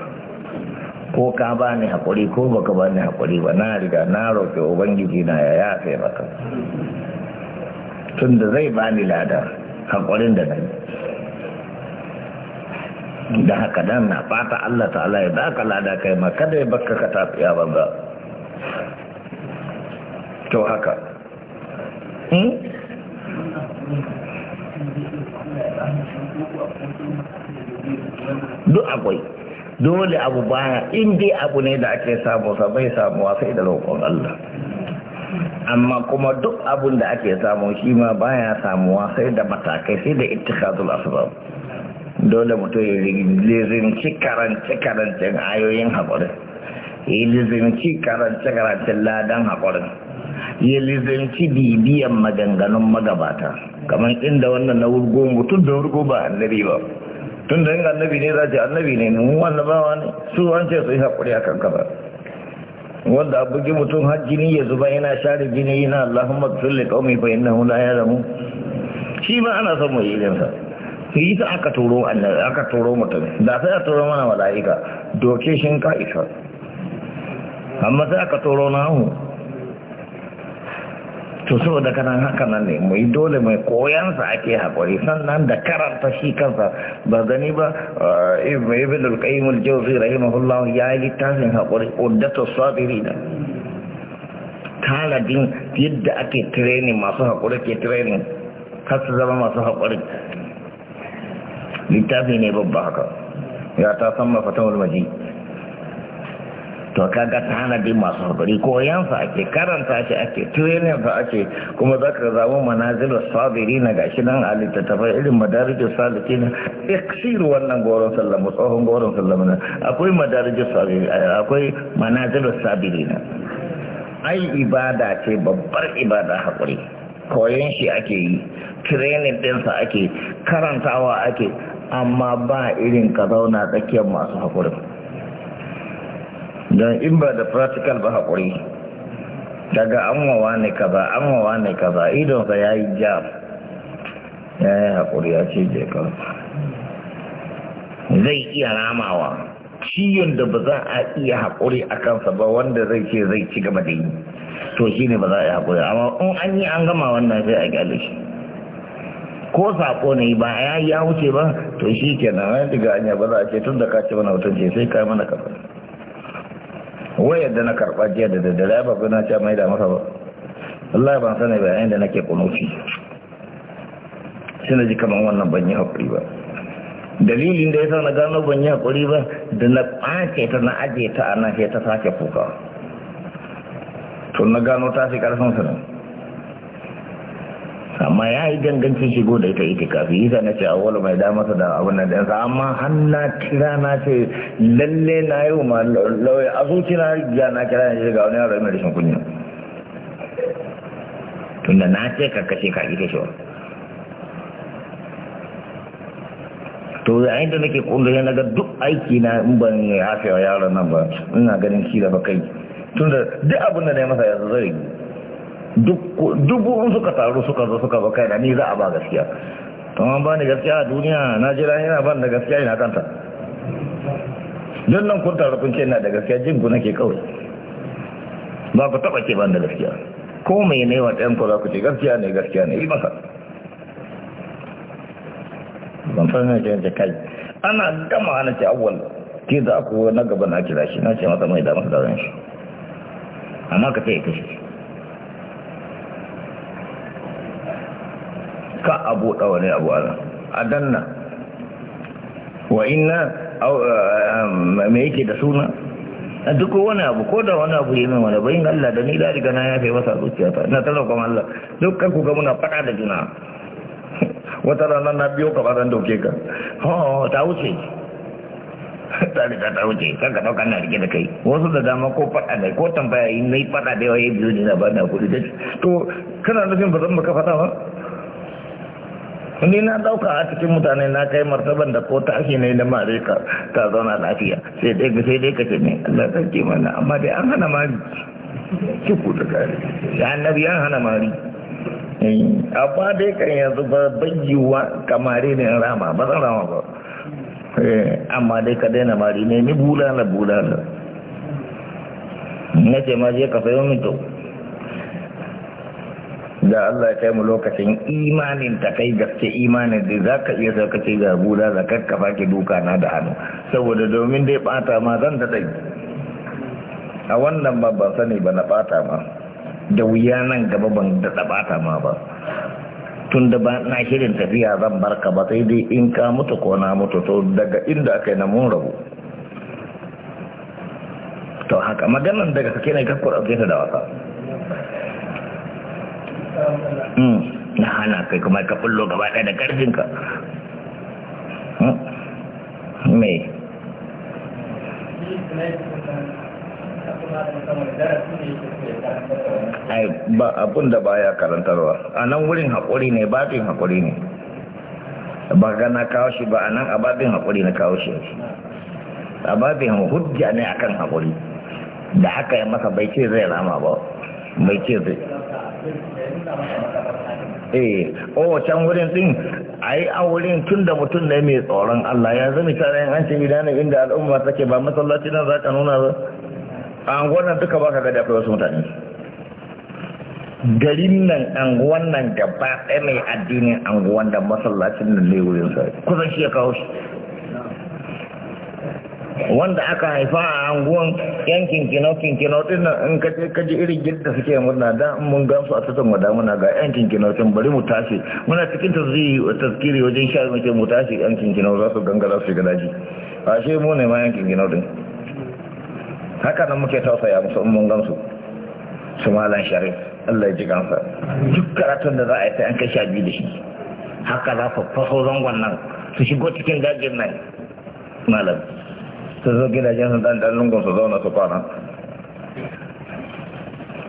ko ka ba ni haƙuri ko baka ba ni haƙuri ba na riga na roƙe ubangiji na ya yafe maka tunda zai ba ni lada haƙurin da na yi da haka dan na fata Allah ta'ala ya baka lada kai ma kada ya baka ka tafiya banza to haka hmm? duk akwai dole abu baya in dai abu ne da ake samu sabai samu samuwa sai da roƙon Allah amma kuma duk abun da ake samu shi ma baya samuwa sai da matakai sai da ittikazul asbab dole mutum ya lizinci karance-karancen ayoyin haƙurin ya lizinci karance-karancen ladan haƙurin ya lizinci bibiyan maganganun magabata kamar inda wannan na wurgo mutum da wurgo ba annabi ba tun da yin annabi ne za ce annabi ne mu ba ne su an ce su yi haƙuri a kan kaba wanda abu ji mutum har jini ya zuba yana share jini yana allahumma tsulli kaumi fa hula ya damu? shi ma ana son mu yi irinsa yi ta aka turo annabi aka turo mutum da sai a turo mana mala'ika doke shin ka isa amma sai aka turo namu to saboda kana haka nan ne mu yi dole mai koyan sa ake haƙuri sannan da karanta shi kansa ba gani ba eh, ibn al-qayyim al-jawzi rahimahullah ya yi littafin haƙuri uddatu sabirina tanadin yadda ake training masu haƙuri ke training kasu su zama masu haƙuri littafi ne babba haka ya ta san mafatawar waje to kaga tanadi masu hakuri yansa ake karanta shi ake tuyaninsa ake kuma za ka zama manazilu sabiri na gashi nan a littattafai irin madarijin saliki na iksiru wannan goron sallama tsohon goron sallama na akwai madarijin sabiri akwai manazilu sabiri na ai ibada ce babbar ibada hakuri koyon shi ake yi training ɗinsa ake karantawa ake amma ba irin ka zauna tsakiyar masu haƙurin don in ba da practical ba haƙuri daga anwawa ne kaza anwawa ne kaza idonsa ya yi ja ya yi haƙuri ya ce je zai iya ramawa ciyon da ba za a iya haƙuri a kansa ba wanda zai ce zai ci gaba da yi to shi ne ba za a yi haƙuri amma in an yi an gama wannan sai a gyale shi ko saƙo ne ba ya yi ya wuce ba to shi ke nan ya diga anya ba za a ce tun da ka ci mana wutar ce sai ka mana kafa wai yadda na karɓa jiya da daddare ba na ce mai da maka ba Allah ban sani ba yayin da nake kunofi sai na ji kamar wannan ban yi haƙuri ba dalilin da ya sa na gano ban yi haƙuri ba da na ɓace ta na ajiye ta a nan sai ta sake fukawa tun na gano ta fi karfin sa amma ya yi gangancin shigo da ita ita kafi yi na ce awwalu mai da masa da abin da ɗansa amma har na kira na ce lalle na yi wa lauyi a zuci na riga na kira na shiga wani yaro yana rashin kunya tunda na ce ka kashe ka ita shi to ainihin da nake kundu na ga duk aiki na in ban hafe wa yaron nan ba ina ganin shi da bakai tunda duk abin da ne masa yanzu zai yi dubu in suka taru suka zo suka zo kai na ni za a ba gaskiya tamam ba ni gaskiya a duniya na jira yana ban da gaskiya ina kanta don nan kun taru kun ce na da gaskiya jin guna ke kawai ba ku taba ce ban da gaskiya ko mai ne wa ɗayan ku za ku ce gaskiya ne gaskiya ne yi masa ban fara ne ce kai ana gama ana ce awwal ke za ku na gaba na kira shi na ce masa mai damar da ran shi amma ka ce ya shi ka abu ɗawa ne abu ala a danna wa ina eh, mai yake da suna a duk wani abu ko da wani abu yamin wani bayin Allah da ni lalika na ya fi masa ta, na talakon Allah duk kan ga muna fada da juna wata ranar na biyo ka ba zan dauke ka oh, ta wuce ta ta wuce kanka ɗauka na rike da kai wasu da dama ko faɗa da ko tambaya yi na yi faɗa da yawa ya biyo ne na ba na kuɗi da to kana nufin ba zan baka fada ba ni na dauka a cikin mutane na kai martaban da ko tashi ne da mare ka ta zauna lafiya sai dai sai dai kace ne Allah sarki mana amma dai an hana mari ku da kare ya annabi an hana mari eh, amma dai kan yanzu ba bayyuwa kamare ne rama ba zan rama ba Eh, amma dai ka daina mari ne ni bulala bulala na ce ma je ka sayo min to da Allah ya taimu lokacin imanin ta kai gaske imanin da za ka iya ce ga buda da kafa ki duka na da hannu saboda domin dai bata ma zan da dai a wannan ba ban sani ba na bata ma da wuya nan gaba ban daɗa bata ma ba tun da na shirin tafiya zan barka ba sai dai in ka mutu ko na mutu to daga inda aka yi na mun rabu to haka maganan daga kake ne kakkura ke ta da wasa hmm, na hana kai kuma ka fullo gaba ɗaya da ƙarfinka mai hmm, ai ba abun da baya karantarwa a nan wurin haƙuri ne babin haƙuri ne ba gana kawo shi ba a nan a babin haƙuri na kawo shi a babin hujja ne akan haƙuri da haka ya masa bai ce zai rama ba bai ce zai eh o can wurin din yi a wurin tun da mutum ne mai tsoron Allah ya zama tare an ce gida ne inda al'umma take ba masallaci nan ka nuna ba a angonan duka ba ka gada akwai wasu mutane garin nan anguwan nan gaba ɗaya mai addinin anguwan da masallacin nan ne wurin sa kusan shi ya kawo shi wanda aka haifa a anguwan yankin kinkino kinkino din nan in ka je kaji irin gidda suke murna da mun gan su a tutun wada muna ga yankin kinkino tun bari mu tashi muna cikin tazkiri taskiri wajen sha mace mu tashi yankin kinkino za su gangara su ga daji ashe mu ne ma yankin kinkino din haka nan muke tausaya musu in mun gamsu su malan sharif Allah ya ji gansa duk karatun da za a yi sai an kai shabi da shi haka za ku faso zangon nan su shigo cikin dajin nan malam su zo gidajen su dan dan lungun su zauna su kwana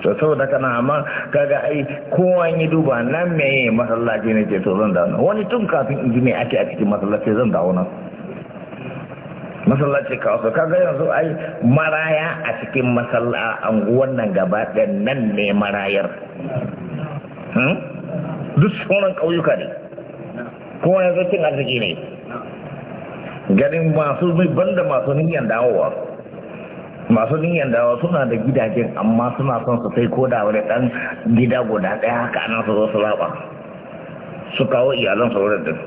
to saboda kana amma kaga ai kowa yi duba nan me masallaci ne ke to zan dawo wani tun kafin in ji me ake a cikin masallaci zan dawo nan masallaci kawasu kaga yanzu ai maraya a cikin masalla anguwan nan gaba ɗan nan ne marayar hmm? duk sauran ƙauyuka ne kuma yanzu cin arziki ne ganin masu mai banda masu niyan dawowa masu niyan dawowa suna da gidajen amma suna son su sai koda wani ɗan gida guda ɗaya haka ana su zo su laɓa su kawo iyalan sauran din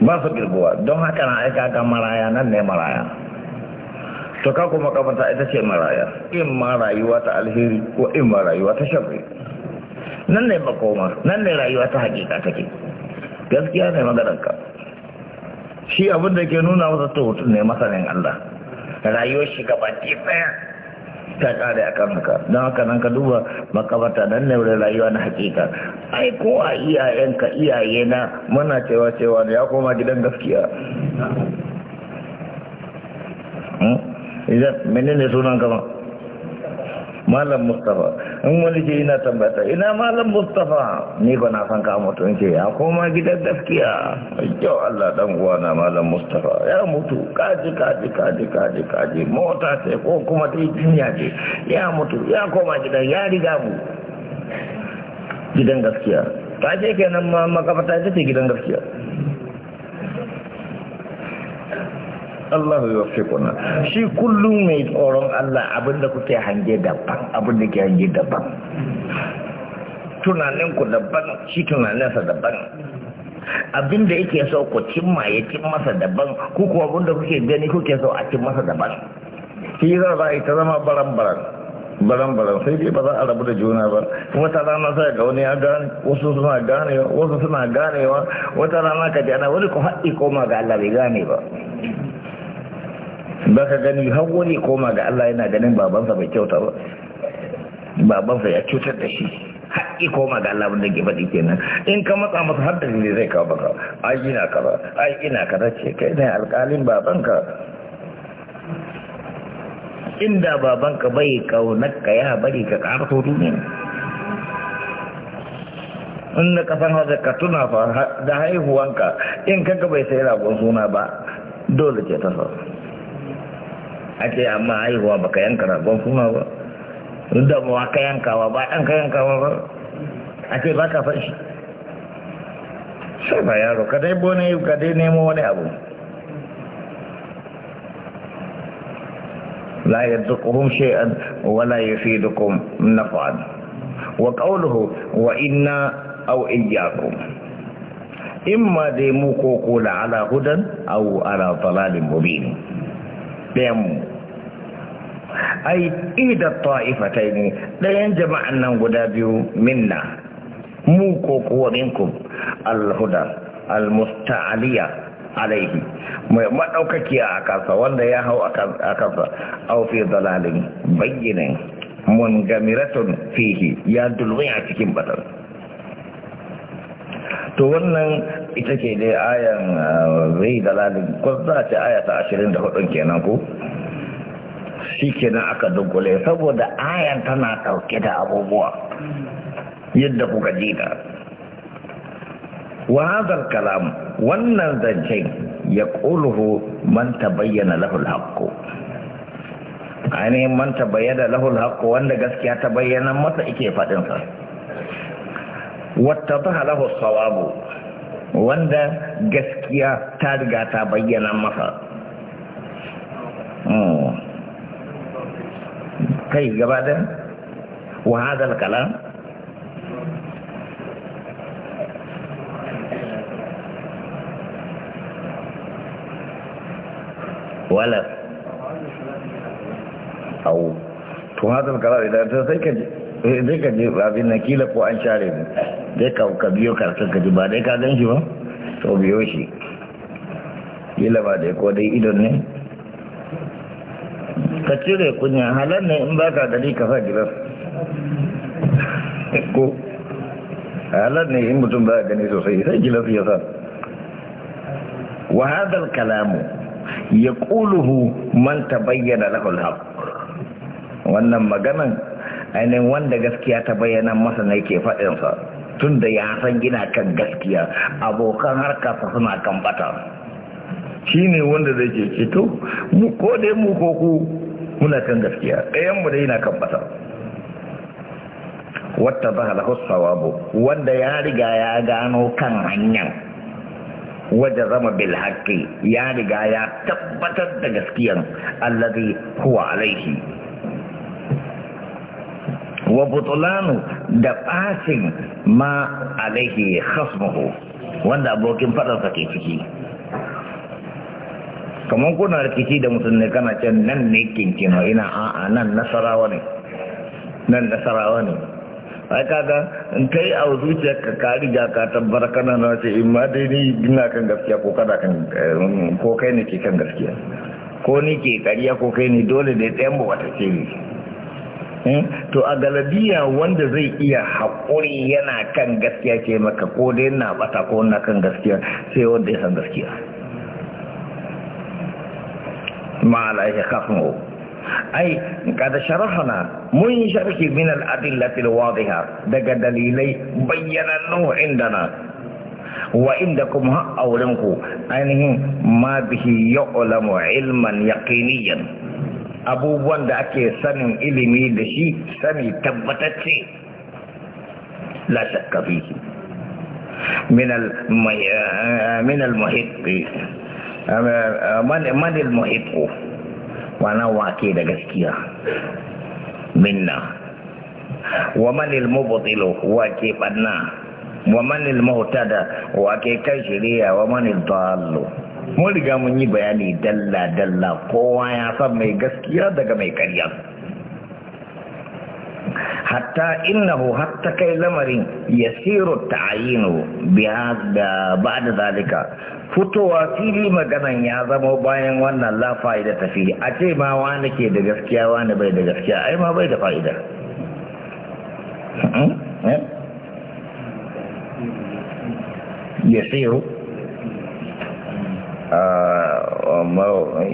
ba su girguwa don haka na aika ga maraya nan ne maraya to ka kuma kafata ita ce maraya in ma rayuwa ta alheri ko in ma rayuwa ta shabri nan ne makoma nan ne rayuwa ta hakika take gaskiya ne magananka shi abin da ke nuna masa ta ne masanin Allah rayuwar shi gabaki daya ta kare a kan haka don haka nan ka duba makamata nan ne wurin rayuwa na hakika ai ko a iyayenka iyaye na muna cewa cewa ya koma gidan gaskiya hmm? idan menene sunan kama malam mustafa in wani ce ina tambata ina malam mustafa ni ba na san ka mutu in ce ya koma gidan gaskiya yau Allah dan uwa na malam mustafa ya mutu kaji kaji kaji kaji kaji mota ce ko kuma ta yi jinya ce ya mutu ya koma gidan ya riga mu gidan gaskiya ta ce kenan ma makafata ce gidan gaskiya Allah ya wasu kuna shi kullum mai tsoron Allah abinda kuke hange daban abinda ke hange daban tunaninku daban shi tunaninsa daban abinda yake so ku cimma ya cin masa daban ku kuwa abinda kuke gani kuke so a cin masa daban shi za a yi ta zama baran-baran baran-baran sai dai ba za a rabu da juna ba wata rana sai ga wani ya gane wasu suna ganewa wasu suna ganewa wata rana ka jana wani ku haɗi koma ga Allah bai gane ba ba ka gani har wani koma ga Allah yana ganin babansa bai kyauta ba babansa ya cutar da shi haƙƙi koma ga Allah wanda ke faɗi kenan in ka matsa masa har da ne zai kawo baka ai ina kaza ai ina ce kai ne alƙalin babanka inda babanka bai kaunarka ya bari ka ƙarto duniya in na kasan hausa ka tuna fa da haihuwanka in kanka bai sai ragon suna ba dole ce ta sauran ake amma haihuwa baka yanka ragon kuma ba duk da mawa ka yankawa ba ɗan ka yankawa ba ake ba ka fashi sai yaro ka dai bone ka dai nemo wani abu la ya dukuhun shi'an wala ya fi dukun na fa'ad wa ƙauluhu wa ina au iyaku in ma dai mu koko ala hudan au ala talalin mubini ɗayan mu ai ihda ta'ifatai ne ɗayan jama'an nan guda biyu minna mu ko kuwa minkum alhuda almusta'aliya alaihi mai maɗaukaki a kasa wanda ya hau a kansa aufi dalalin mun gamiratun fihi ya dulmi a cikin batar to wannan ita ke dai ayan ah, zai dalalin ko za ta aya ta 24 kenan ku? shi aka dunkule saboda ayan tana ɗauke da abubuwa yadda kuka ji da wa kalam wannan zancen ya ƙulhu man ta bayyana lahul haƙo ainihin man ta bayyana lahul haƙo wanda gaskiya ta bayyana masa ike faɗinsa wata ta halahu sawabu wanda gaskiya ta riga ta bayyana masa hmm. kai gaba da wahadar kalam wala au to hadal kalam idan ta sai ka zai ka je abin na kila ko an share mu zai ka biyo karshen ka ji ba dai ka gan shi ba to biyo shi kila ba dai ko dai idon ne ka cire kunya halar ne in ba ka gani ka sa gilas ko halar ne in mutum ba gani sosai sai gilas ya sa Wahadar kalamu ya ƙuluhu man ta bayyana lahul haq wannan maganan ainihin wanda gaskiya ta bayyana masa na ke faɗinsa tun da ya san gina kan gaskiya abokan harkarsa suna kan bata shi ne wanda zai ce ceto mu ko dai mu ko ku muna kan gaskiya ɗayan mu dai na kan bata wata ba halahus sawabu wanda ya riga ya gano kan hanyar wajen zama bilhaki, ya riga ya tabbatar da gaskiyan allazi huwa alaihi wa butulanu da ɓacin ma alaihi hasmuhu wanda abokin faɗarsa ke ciki kamar kuna rikici da musulmi kana can nan ne kinkino ina a'a nan nasarawa ne nan nasarawa ne ai kaga in kai a zuciyarka ka ga ka tabbar kana na ce in ma dai ni ina kan gaskiya ko kada kan eh, ko kai ne ke kan gaskiya ko ni ke kariya ko kai ne dole da tsayan ba wata ce ni hmm? to a galabiya wanda zai iya haƙuri yana kan gaskiya ce maka ko dai na bata ko na kan gaskiya sai wanda ya san gaskiya ما عليه خصمه أي قد شرحنا من شرح من الأدلة الواضحة دق دليلي بينا عندنا وعندكم أو لنكو أنه ما به يعلم علما يقينيا أبو da ake sanin ilimi da shi sani لا شك فيه من آه، المحيط من المحب وانا واكي دا غسكيا منا ومن المبطل واكي بنا ومن المهتد واكي كشريا ومن الضال مولغا مني بياني دلا دلا قوايا سب مي غسكيا دا مي كريا حتى انه حتى كي لمرين يسير التعيين بعد ذلك fitowa fili maganan ya zama bayan wannan la fa'ida tafi a ce ma wani ke da gaskiya wani bai da gaskiya ai ma bai da fa'ida ya tsero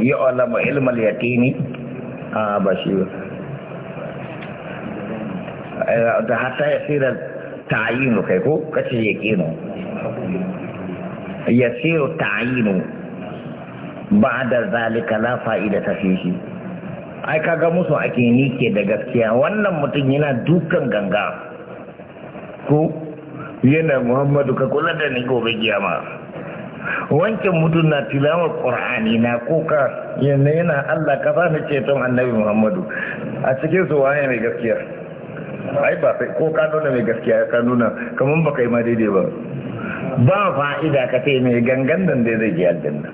yi olama ilmal yakini a ah, ba shi eh, da hata ya ta yi nukai ko kace yakinu يسير da بعد ذلك لا فائدة فيه ai ga musu ake ni ke da gaskiya wannan mutum yana dukan ganga ko yana muhammadu ka kula da ni gobe giyama Wankin mutum na tilawar ƙur'ani na kuka yana yana Allah ka sani ceton annabi Muhammadu a cikin su waye mai gaskiya ai ba sai ko ka nuna mai gaskiya ka nuna kamar baka yi ma daidai ba ba fa'ida ka ce mai gangan da dai zai je aljanna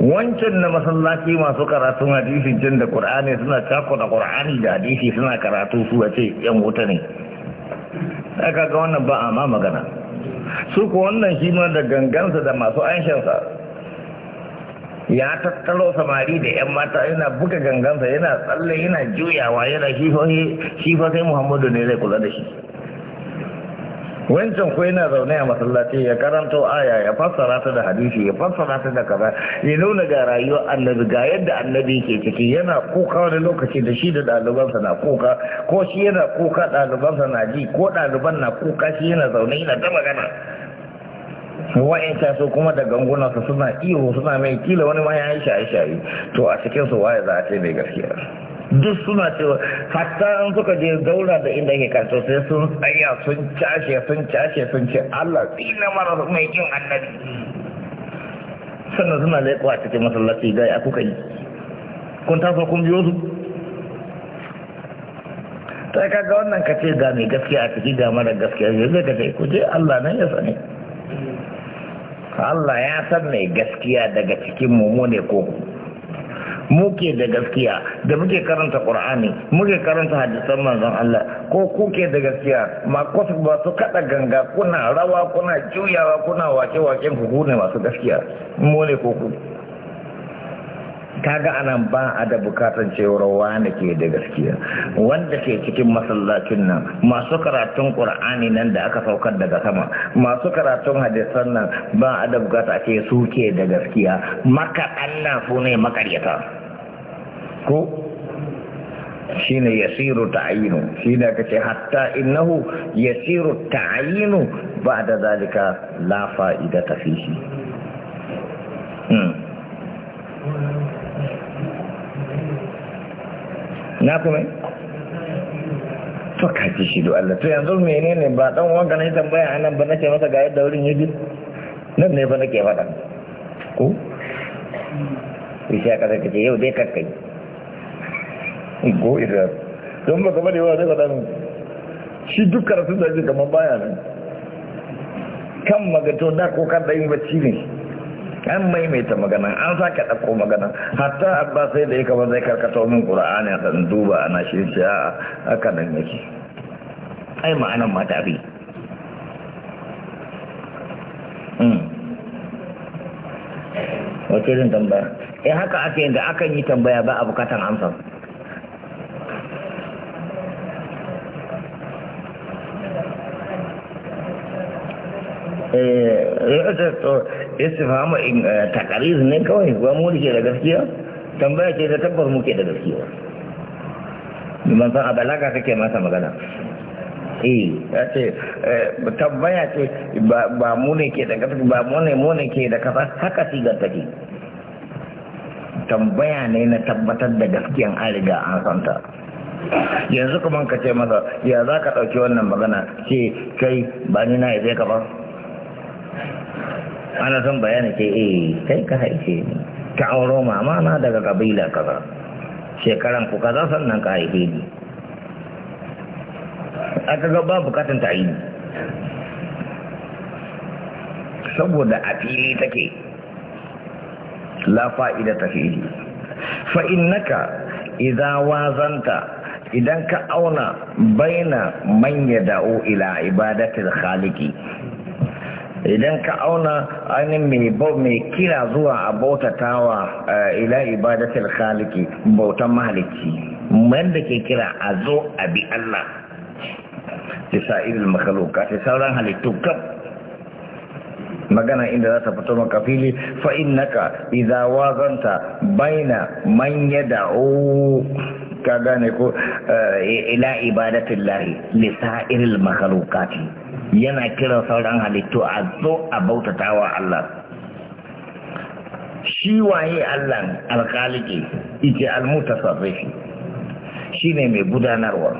wancan na masallaci masu karatun hadisi jin da ƙur'ani suna da ƙur'ani da hadisi suna karatu su a ce yan wuta ne aka ga wannan ba a ma magana su ku wannan shi ma da gangansa da masu anshansa ya tattaro samari da 'yan mata yana buga gangansa yana tsalle yana juyawa yana fa sai muhammadu ne zai kula da shi wancan ko yana zaune a masallaci ya karanto aya ya fassara ta da hadisi ya fassara ta da kaza ya nuna ga rayuwar annabi ga yadda annabi ke ciki yana kuka wani lokaci da shi da ɗalibansa na kuka ko shi yana kuka ɗalibansa na ji ko ɗaliban na kuka shi yana zaune yana ta magana wa'in kuma da gangunansa suna iyo suna mai kila wani ma ya yi shaye-shaye to a cikinsu su waye za a ce mai gaskiya duk suna cewa hatta an suka je gauna da inda ke karto sai sun tsaya sun cashe sun cashe sun ce Allah tsina mara mai kin annabi sannan suna leƙo a cikin masallaci ga ya kuka yi kun taso kun biyo su ta kaga wannan ka ce ga mai gaskiya a ciki ga mara gaskiya zai ka ce ku je Allah nan ya sani Allah ya san mai gaskiya daga cikin mu ne ko muke da gaskiya da muke karanta qur'ani muke karanta hadisan manzon Allah ko kuke da gaskiya ma kwasu ba su kada ganga kuna rawa kuna juyawa kuna wake waken ku ne masu gaskiya mu ne ko ku kaga anan ba a da bukatan cewar wani ke da gaskiya wanda ke cikin masallacin nan masu karatun qur'ani nan da aka saukar daga sama masu karatun hadisan nan ba a da bukata ce su ke da gaskiya maka Allah su ne makaryata ko shine yasiru ta'yinu shine ce hatta innahu yasiru ta'yinu da zalika la fi shi hmm. na kuma to kaji shi do Allah to yanzu menene ba dan wanka ne tambaya anan ba nake masa ga yadda wurin yaji nan ne ba nake faɗa ko sai ka ce yau dai kakkai go don ba kamar yawa zai shi duk karatun da kamar baya nan kan magato da ko kan da yin bacci ne an maimaita magana an sa ka ɗauko magana hatta abba sai da yake wanda zai karkata min qur'ani a kan duba ana shi shi a haka nan yake ai ma'anan ma tafi hmm. wace zin tambaya eh haka ake da akan yi tambaya ba a bukatan Eh, eh, eh, ya to istifhamu in takariz ne kawai ba mu ke da gaskiya tambaya ce da tabbar muke da gaskiya liman san a balaga kake masa magana eh ya ce tambaya ce ba mu ne ke da gaskiya ba mu ne mu ne ke da kasa haka sigar ke. tambaya ne na tabbatar da gaskiyan an riga an santa yanzu kuma ka ce masa ya za ka ɗauki wannan magana ce kai ba ni na ife ka ba ana son bayani ce eh kai ka haife ni ka auro mama na daga kabila kaza shekaran ku kaza sannan ka haife ni aka ga babu katin ta yi saboda a fili take la fa'ida ta fili fa innaka idza wazanta idan ka auna baina man ya da'o ila ibadatil khaliqi idan ka auna ainihin mai kira zuwa a bautatawa eh, ila ibadatul khaliki bautan mahalicci wanda ke kira a zo a bi Allah makaloka ta sauran halittu kaf magana inda za ta fito maka fili fa innaka idza wazanta baina man yad'u ka gane ko eh, ila ibadatillahi lisa'il makhluqati yana kira sauran halittu a zo a bautata wa Allah shi waye Allah alkalike ike almutasarrifi shi ne mai gudanarwa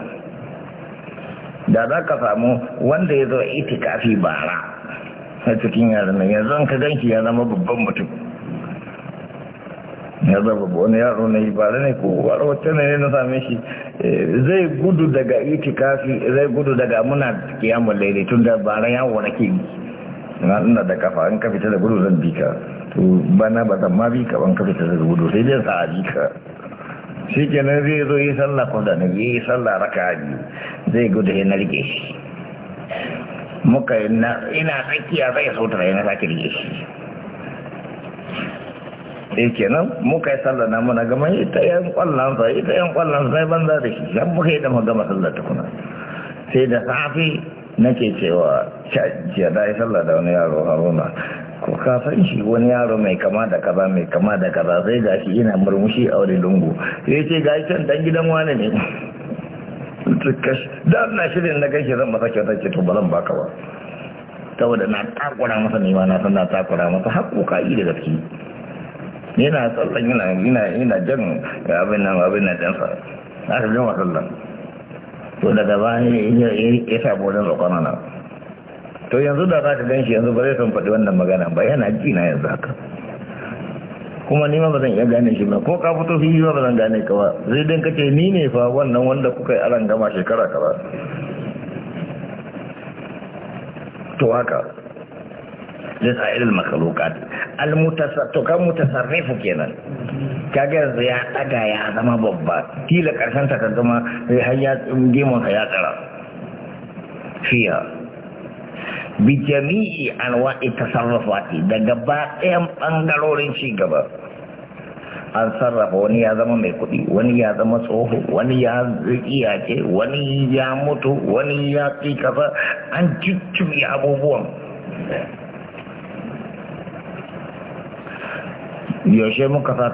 da za ka samu wanda ya zo itikafi bara a cikin yaran yanzu an ka ganki ya zama babban mutum ya zaba wani yaro na yi ba da ne ko wani wata ne ne na same shi eh, zai gudu daga itikafi zai gudu daga muna kiyamun laili tun da bara yawon na ke na ina da kafa an kafita da gudu zan bi ka to bana ba zan ma bi ka ban kafita da gudu sai dai sa a bi ka shi kenan zai zo yi sallah ko da nabi yi sallah raka biyu zai gudu ya na shi muka ina tsakiya zai sautara ya na sake rike shi dai kenan muka kai sallah na muna gama ita yan kwallon sa ita yan kwallon sa banza da shi yan muka yi da gama sallah tukuna sai da safi nake cewa jiya da yi sallah da wani yaro haruna ko ka san shi wani yaro mai kama da kaza mai kama da kaza zai ga shi ina murmushi a wani lungu sai ce ga can dan gidan wani ne da na shirin na gashi zan masa kyautar ce to ba zan baka ba saboda na takura masa nema na san na takura masa haƙƙo ka yi da gaske yana tsallan yana yana yana jan abin nan abin nan ɗansa aka gama tsallan to daga bayan ya samu wajen roƙon nan to yanzu da za ta gan shi yanzu ba zai son faɗi wannan magana ba yana ji na yanzu haka kuma nima ba zan iya gane shi ba ko ka fito fili ba zan gane ka ba zai dinka ce ni ne fa wannan wanda kuka yi aran gama shekara ka ba to haka لسائر المخلوقات المتصرف متصرف كينان كاجا زيا تاكا يا زما بوبا تي لا كارسان تاكا زما هيا دي مون هيا ترى فيا بجميع انواع التصرفات ده غبا ام بانغالورين شي غبا an sarrafa wani ya zama mai kudi wani ya zama tsoho wani ya iyace wani ya mutu wani ya fi kafa an cikin abubuwan yaushe muka sa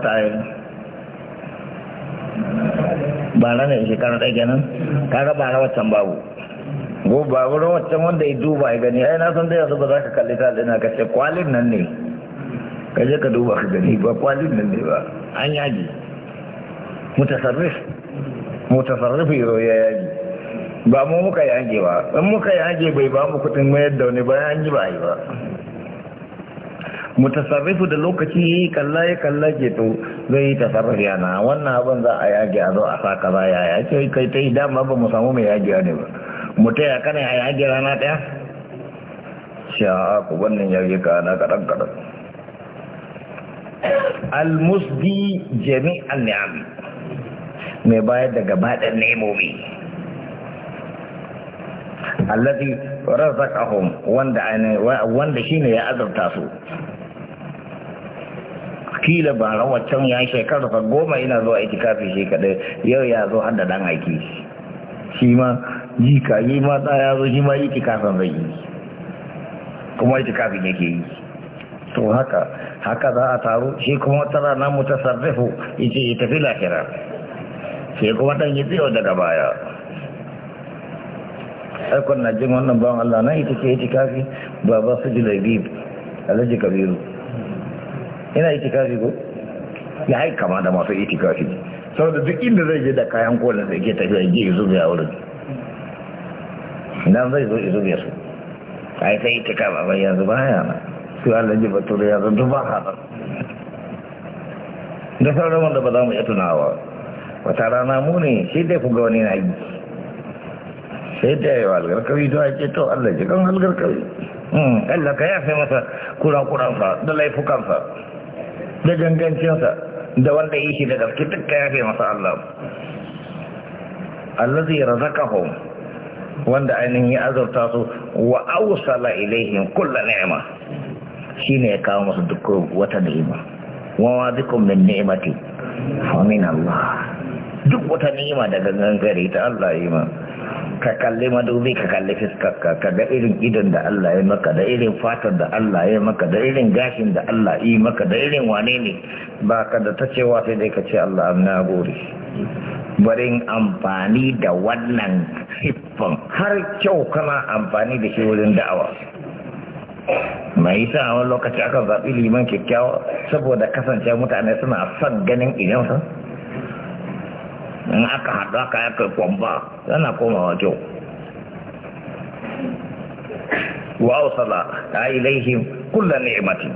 ba na ne shekara ɗaya kenan kaga na waccan babu ko babu wurin waccan wanda ya duba ya gani ai na san dai yanzu ba za ka kalli ta ɗina ka ce kwalin nan ne ka je ka duba ka gani ba kwalin nan ne ba an yaji mutasarrif mutasarrif yaro ya yaji ba mu muka yage ba in muka yage bai ba mu kuɗin mayar da wani bayan an yi ba yi ba mutasarrifu da lokaci yi kalla ya kalla ke to zai yi tasarrufi yana wannan abin za a yage a zo a sa kaza ya yake kai ta yi dama ba mu samu mai yage ne ba mu taya kana a yage rana ɗaya sha ku wannan yage ka na kaɗan kaɗan almusdi jami'an ni'ami mai bayar da gabaɗin nemomi allazi razaqahum wanda wanda shine ya azurta su kila bara waccan ya shekara fa goma ina zuwa itikafi shi kadai yau ya zo har da dan aiki shi ma ka yi ma da ya zo shi ma itikafin zai yi kuma itikafin yake yi to haka haka za a taru shi kuma tara na mutasarrifu yace ya tafi lahira sai kuma dan yi tsayo daga baya aikon na jin wannan bawan Allah na ita ce itikafi baba su jilabi alhaji kabiru ina itikafi ko ya yi kama da masu itikafi saboda duk inda zai je da kayan kolin da ke tafiya ya je zubi a wurin idan zai zo ya zubi su a yi sai itikafa bai yanzu ba ya na su Allah ji bature ya zo duba ba haɗar da sauran wanda ba za mu iya tunawa wata rana mu ne sai dai ku ga wani na yi sai da yawa algar to ake to Allah ji kan algar kawai hmm, Allah ka yafe masa kura-kuransa da laifukansa da gangancinsa da wanda yake da gaske dukka ya fi masa Allah allazi razaqahum wanda ainihin ya azurta su wa awsala ilaihim kullu ni'ma shine ya kawo musu duk wata ni'ima wa wadikum min ni'mati fa Allah duk wata ni'ima daga gangare ta Allah yi ma ka kalli madubi ka kalli fiskarka ka da irin idon da Allah ya maka da irin fatar da Allah ya maka da irin gashin da Allah yi maka da irin wane ne ba ka da ta cewa sai dai ka ce Allah na gori. barin amfani da wannan siffan har kyau kana amfani da shi wurin da'awa mai sa a wani lokaci akan zaɓi liman kyakkyawa saboda kasance mutane suna son ganin idansa in aka haɗu aka yaka kwamba yana komawa kyau wa ausala ta ilaihim kulla ni'imati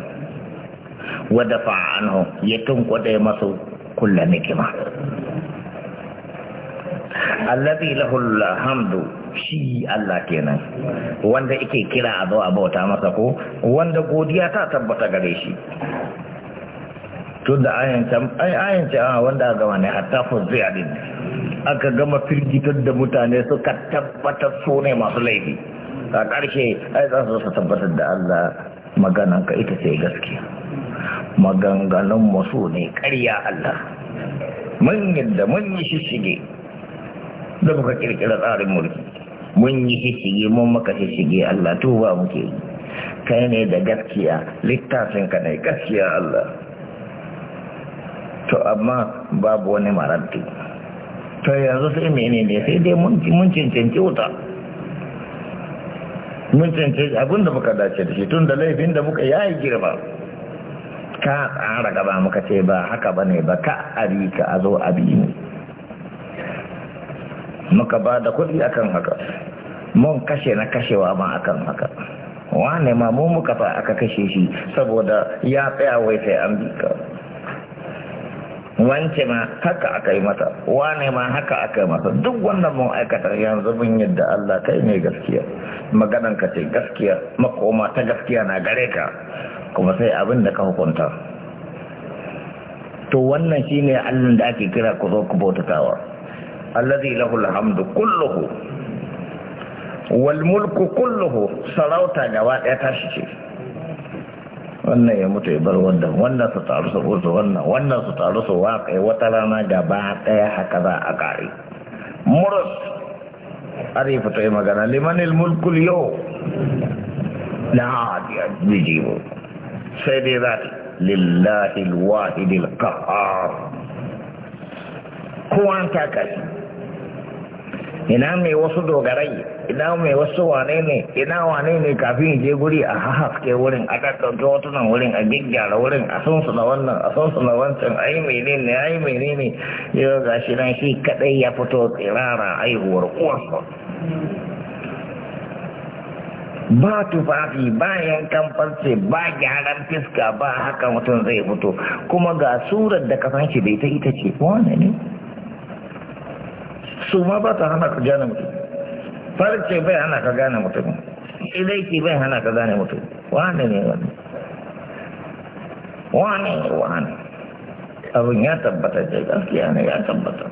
wa dafa anhu ya tunkwade masu kulla ni'ima allazi lahu hamdu shi Allah kenan wanda ike kira a zo a bauta masa ko wanda godiya ta tabbata gare shi tun da ayan ce a ah, wanda a gama ne hatta fuzziya din aka gama firgitar da mutane suka tabbata su ne masu laifi a ƙarshe ai za su tabbatar da Allah maganan ka ita ce gaskiya maganganun masu ne ƙarya Allah mun da mun yi shishige da muka kirkira tsarin mulki mun yi shishige mun maka shishige Allah tuba muke yi kai ne da gaskiya littafinka ne gaskiya Allah to amma babu wani maranti to yanzu sai mene ne sai dai mun cancanci wuta mun cancanci abinda muka dace da shi tun da laifin da muka yayi girma ka tsara gaba muka ce ba haka ba ne ba ka ari ka a zo abi ne muka ba da kuɗi akan haka mun kashe na kashewa ma akan haka wane ma mu muka fa aka kashe shi saboda ya tsaya wai sai an bi ka wance ma haka aka yi mata wane ma haka aka yi mata duk wannan mun aikata yanzu mun yadda Allah kai mai gaskiya maganan ka ce gaskiya makoma ta gaskiya na gare ka kuma sai abin da ka hukunta to wannan shine Allah da ake kira ku zo ku bautatawa allazi lahu alhamdu kulluhu wal mulku kulluhu sarauta gaba daya tashi ce wannan ya mutu ya bar wannan wannan su taru su busu wannan wannan su taru su waƙa wata rana gaba ɗaya haka za a ƙare murus arifa ta yi magana limanil mulkul yau la hadiya bijibu sai dai za lillahi alwahidil qahhar kowa ta kashi ina mai wasu dogarai ina mai wasu wane ne ina wane ne kafin je guri a haske wurin a ɗaɗɗauke hotunan wurin a gyaggyara wurin a sun na wannan a sun na wancan ai mene ne ai mene ne yau ga shi nan shi kaɗai ya fito tsirara aihuwar uwarsa ba tufafi ba yankan farce ba gyaran fiska ba haka mutum zai fito kuma ga surar da kasan shi bai ta ita ce wane ne su ma ba ta hana ku jana mutum farce bai hana ka gane mutum ilaiki bai hana ka gane mutum wane ne wani wane wane abin ya tabbata ce gaskiya ne ya tabbata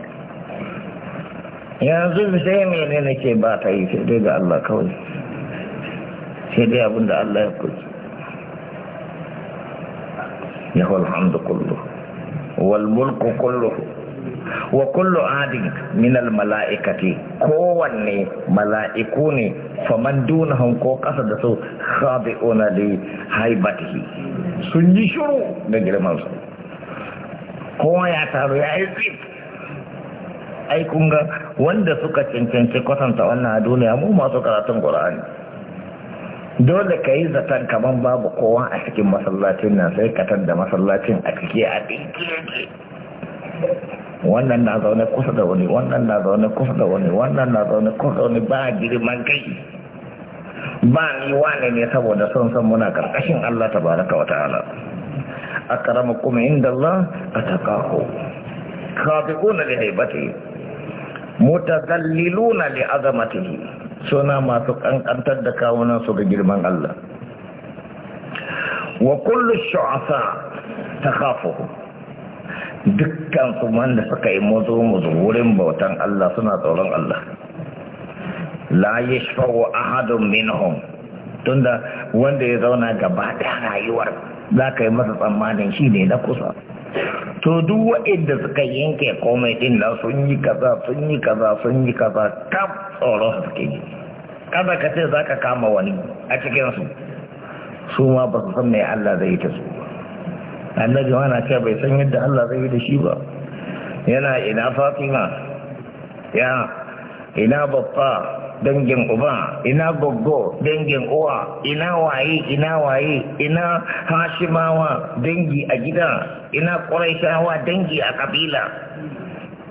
yanzu sai mene ne ke ba ta yi sai dai ga Allah kawai sai dai abin da Allah ya kuci yahu Alhamdu kullu wal mulku kullu wa kullu adin min al mala'ikati kowanne mala'iku ne fa man dunahum ko kasa da su khabi'una li haibatihi sun yi shiru da girman su kowa ya taru ya yi zip ai kun ga wanda suka cancanci kwatanta wannan duniya mu masu karatun qur'ani dole ka yi zaton kamar babu kowa a cikin masallacin nan sai ka da masallacin a cike a ɗinke wannan na zaune kusa da wani wannan na zaune kusa da wani wannan na zaune kusa da wani ba girman kai ba ni wane ne saboda son san muna karkashin Allah tabaraka wa ta'ala akramakum indallah ataqahu khabiquna li haibatihi mutadalliluna li azamatihi suna masu kankantar da kawunan su ga girman Allah wa kullu shu'asa takhafuhu dukkan su wanda suka yi mazo mutu wurin bautan Allah suna tsoron Allah la yashfa'u ahadun minhum tunda wanda ya zauna gaba da rayuwar za ka yi masa tsammanin shi ne na kusa to duk waɗanda suka yanke komai din na sun yi kaza sun yi kaza sun yi kaza kaf tsoron suke yi kada ka ce za ka kama wani a cikinsu su ma ba su san mai Allah zai ta su annabi wana ce bai san yadda Allah zai yi da shi ba yana ina fatima ya ina babba dangin uba ina goggo dangin uwa ina waye ina waye ina hashimawa dangi a gida ina ƙuraishawa dangi a kabila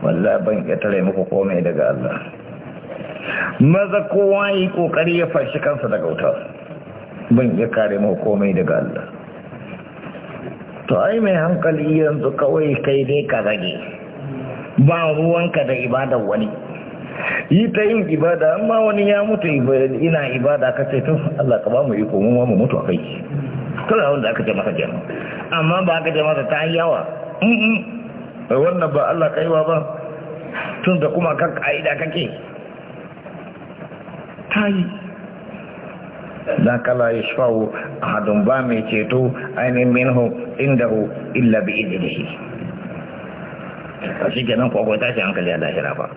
wallah ban ya tare muku komai daga Allah maza kowa yi kokari ya fashi kansa daga wuta ban ya kare muku komai daga Allah to ai mai hankali yanzu kawai kai ne ka rage ba ruwanka da ibada wani yi ta yin ibada amma wani ya mutu ina ibada ka ce to Allah ka ba mu iko mu mu mutu akai kada wanda aka ce maka jama amma ba aka ce masa ta yawa wannan ba Allah kaiwa ba tun da kuma kan ka'ida kake ta yi ba mai ceto ainihin بامي تيتو أين منه عنده إلا بإذنه shi kenan ko ta tashi hankali a lahira ba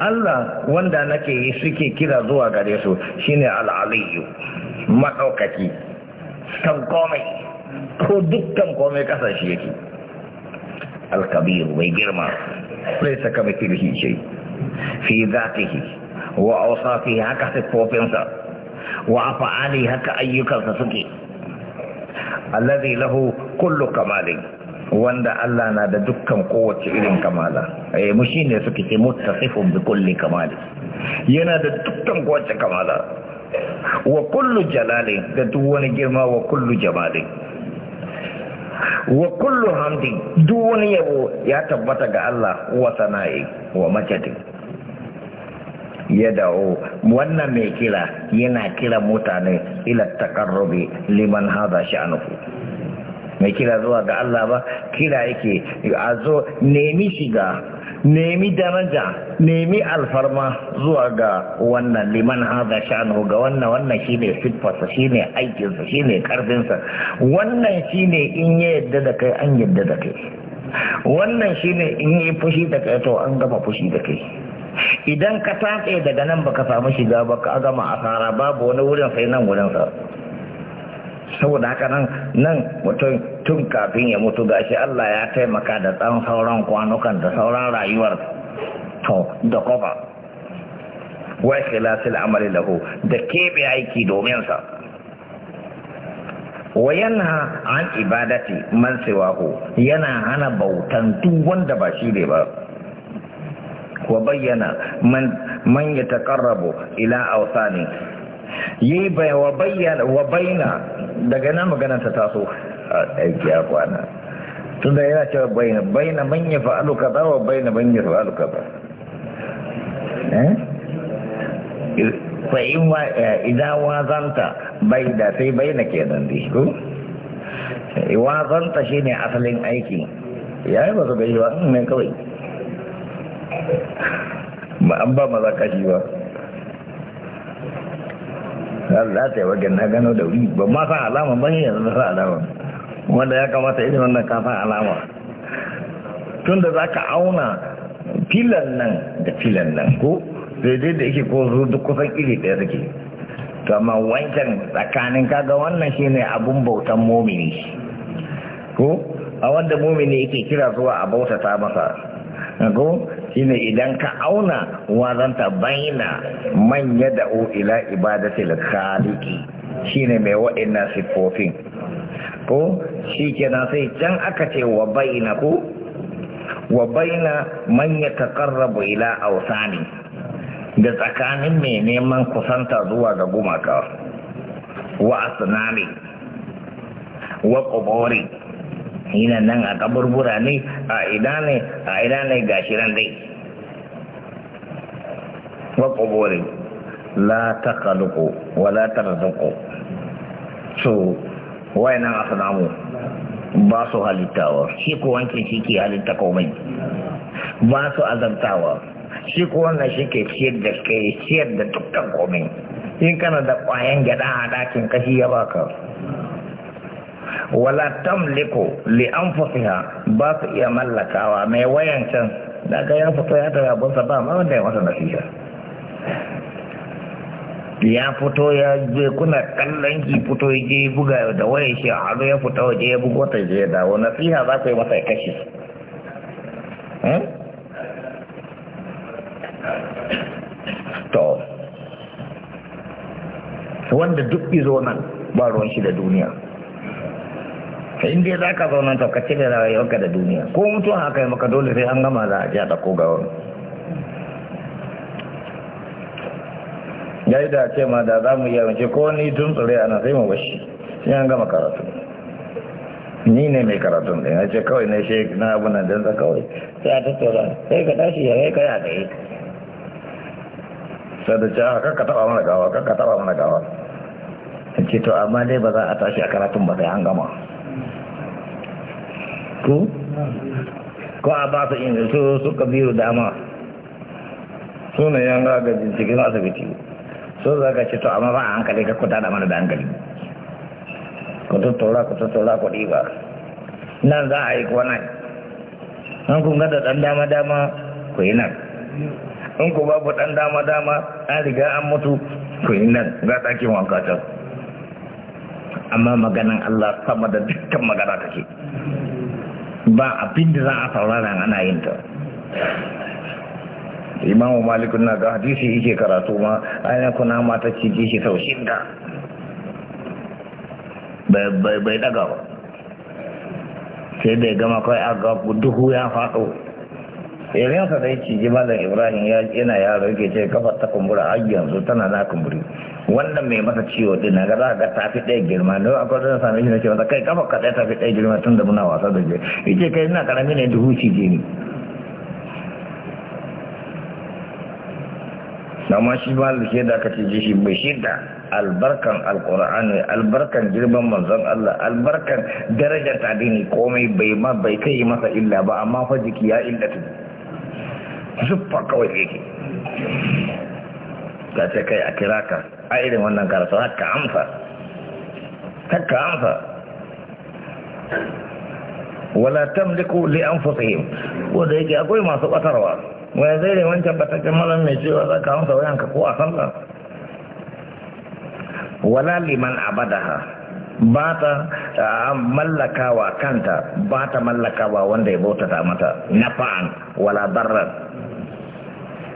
Allah wanda nake suke kira zuwa gare su shine ne aliyyu maɗaukaki kan komai ko dukkan komai kasashe yake alkabiru mai girma laysa kamithlihi shay fi dhatihi wa awsafi haka siffofinsa wa af'ali haka ayyukansa suke allazi lahu kullu kamali. wanda Allah na da dukkan kowace irin kamala eh mu shine suke ce muttasifun bi kulli kamali yana da dukkan kowace kamala wa kullu jalali da duk wani girma wa kullu jamali wa kullu hamdi duk wani yabo ya tabbata ga Allah wa sana'i wa majadi ya dawo wannan mai kira yana kira mutane ila takarrubi liman hada sha'nuhu mai kira zuwa ga Allah ba kira yake a zo nemi shiga nemi daraja nemi alfarma zuwa ga wannan liman hada sha'anuhu ga wannan wannan shine fitfarsa shine aikinsa shine ƙarfinsa. wannan shine in ya yadda da kai an yadda da kai wannan shine in yi fushi da kai to an gama fushi da kai idan ka tatse daga nan baka samu shiga ba ka gama asara babu wani wurin sai nan wurin sa saboda haka nan nan mutum tun kafin ya mutu gashi Allah ya taimaka da tsan sauran kwanukan da sauran rayuwar to da kofa wa khilasil amali lahu da kebe aiki domin sa wa yanha an ibadati man siwahu yana hana bautan duk wanda ba shi ne ba Wa وبين man من ila إلى أوثانه yi wa bayyana wa bayyana daga nan magana ta taso aiki a kwana tunda yana cewa bayyana bayyana manya fa'alu kaza wa bayyana manya fa'alu kaza eh? fa in wa eh, idan wazanta bai da sai bayyana kenan dai ko eh, wazanta shine asalin aikin yayi ba su gaji ba ne kawai ba an ba maza kashi ba Allah ta yi wajen na gano da wuri ba ma san alama ba yanzu na san alama wanda ya kamata irin wannan ka san alama tun da za ka auna filan nan da filan nan ko daidai da yake ko zuwa duk kusan iri ɗaya suke kama wancan tsakanin kaga wannan shi ne abun bautan momini ko a wanda momini yake kira zuwa a bautata masa ko shine idan ka auna wazanta baina da yad'u ila ibadatil khaliqi shine mai wa'annan sifofin ko shikenan sai can aka ce wa baina ko wa baina man yataqarrabu ila awsani da tsakanin mai neman kusanta zuwa ga gumaka wa asnani wa qabari ina nan a kaburbura ne a ina ne a ina ne ga shirin dai wa la ta kaluku wa la razuku so wayannan namu ba su halittawa shi ko wanke shi ke halitta komai ba su azabtawa shi ko wannan shi ke ciyar da kai ciyar da dukkan komai in kana da ƙwayan gyada a ɗakin kashi ya baka wala tamliku li anfusiha ba su iya mallakawa mai wayan can daga ya fito ya daga bunsa ba ma wanda ya masa nasiha ya fito ya je kuna kallon ki fito ya je buga da wayan shi a ya fito waje ya bugo ta je ya dawo nasiha za ku yi masa ya kashe hmm? to wanda duk izo nan ba ruwan shi da duniya haka in za ka zauna ta ka cire rayuwarka da duniya ko mutuwa haka yi maka dole sai an gama za a ji a ɗauko gawar ya yi da ce ma da za mu iya mace ko ni tun tsire ana sai mu bashi sai an gama karatu ni ne mai karatu ne ya ce kawai na shi na abu nan don kawai sai a tattara sai ka tashi ya kai kaya a yi. sai da cewa ah, ka taba mana gawa ka taba mana gawa ce to amma dai ba za a tashi a karatun ba sai an gama ko ko a ba su inda su suka biyu dama sunayen agajin cikin asibiti so za ka ce to amma ba a hankali ka kuta da mana da hankali ku tuttura ku tuttura kuɗi ɗiba nan za a yi kuwa nan an kun gada ɗan dama-dama ku yi nan in ku babu ɗan dama-dama an riga an mutu ku yi nan za ɗakin wanka can amma maganin Allah sama da dukkan magana take ba abin da za a saurara ana yin ta imamu malikun na ga hadisi yake karatu ma ainihin kuna mata ji shi sau shida bai daga ba sai bai gama kawai a ga duhu ya faɗo irinsa da ya ciji malam ibrahim yana yaro yake ce kafar ta kumbura a yanzu tana na kumburi wannan mai masa ciwo din na ga za ga tafi ɗaya girma da akwai da same shi na ce masa kai kafa ka ɗaya tafi ɗaya girma tun da muna wasa da je yace kai ina karami ne duhu ci je ni amma shi ba da da aka ce shi bai shi da albarkan alkur'ani albarkan girman manzon Allah albarkan darajar tadini komai bai ma bai kai masa illa ba amma fa jiki ya illata zuffa kawai yake ga ce kai a kira ka a irin wannan karatu haka amsa haka amsa wala tamliku li anfusihim ko da yake akwai masu batarwa wai zai ne wancan ta malam mai cewa za ka amsa wayanka ko a sallah wala liman abadaha ba ta mallakawa kanta ba ta mallakawa wanda ya bauta mata nafa'an wala darran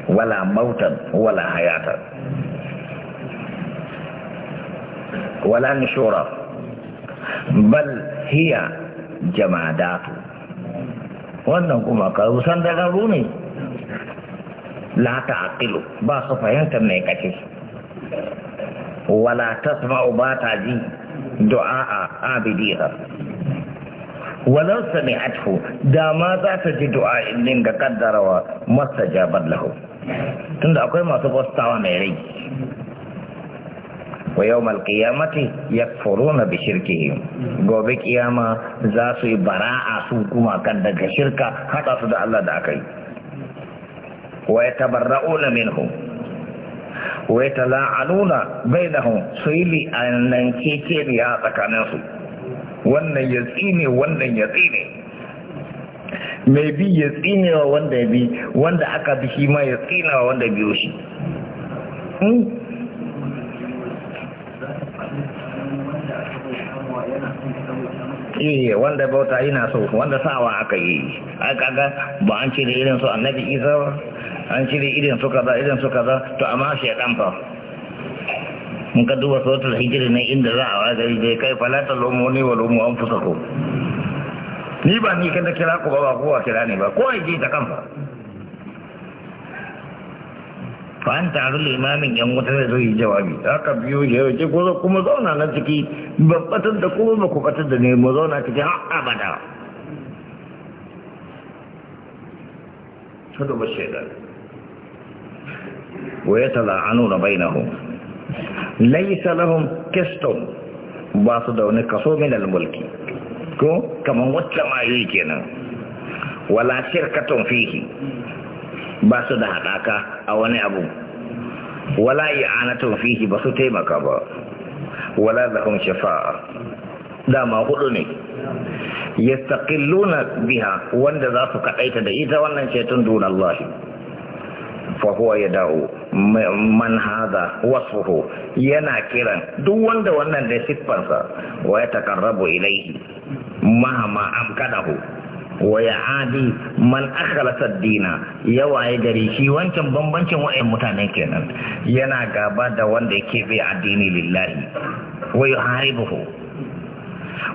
wala mautan wala hayatan wala nishura bal hiya jamadatu wannan kuma karusan dagaru ne la ta'qilu ba su fahimtar mai kace wala tasma'u ba ta ji du'a abidiha walau sami'athu da ma za ta ji du'a in ga kaddarawa jabar lahu tunda akwai masu bostawa mai rai wa yau malkiyamati ya furo na bishirki gobe kiyama za su yi bara'a su kuma kan daga shirka haɗa su da Allah da aka yi wa ya tabarra'una minhu wa ya da hun su yi li'annan kekeniya tsakaninsu wannan ya tsine wannan ya tsine mai bi ya tsinewa wanda ya bi wanda aka bi shi ma ya tsinewa wanda ya biyo shi iya hmm? eh, wanda bauta ina so wanda sawa aka yi Aka kaga ba an cire irin su annabi isa ba an cire irin su kaza irin su kaza to amma ya ɗanfa. in ka duba sautar hijiri na inda za a wajen gari kai falata lomoni wa lomo an fusa ko ni ba ni kan kira ku ba ba wa kira ne ba kowa yake ta kanfa fa an taru limamin yan wuta zai zo yi jawabi aka biyo ya ce ko kuma zauna na ciki ba batar da kuma ba ku batar da ne mu zauna ciki har abada to ba shaidar wa ya tala'anu na bainahum laisa lahum kistum ba su da wani kaso min al-mulki ko kaman wacce mayu kenan wala shirkatun fihi ba su da haɗaka a wani abu wala anatun fihi ba su taimaka ba wala zahum shafa'a dama hudu ne Ya yastaqilluna biha wanda za su kaɗaita da ita wannan ceton dun Allah Fahuwa ya dawo man wasu wasfuhu yana kiran duk wanda wannan da siffansa wa ya takarrabu ilaihi mahama amkadahu wa ya adi man akhlasa dina yawa gari shi wancan bambancin wa'in mutane kenan yana gaba da wanda yake bai addini lillahi wa yuharibuhu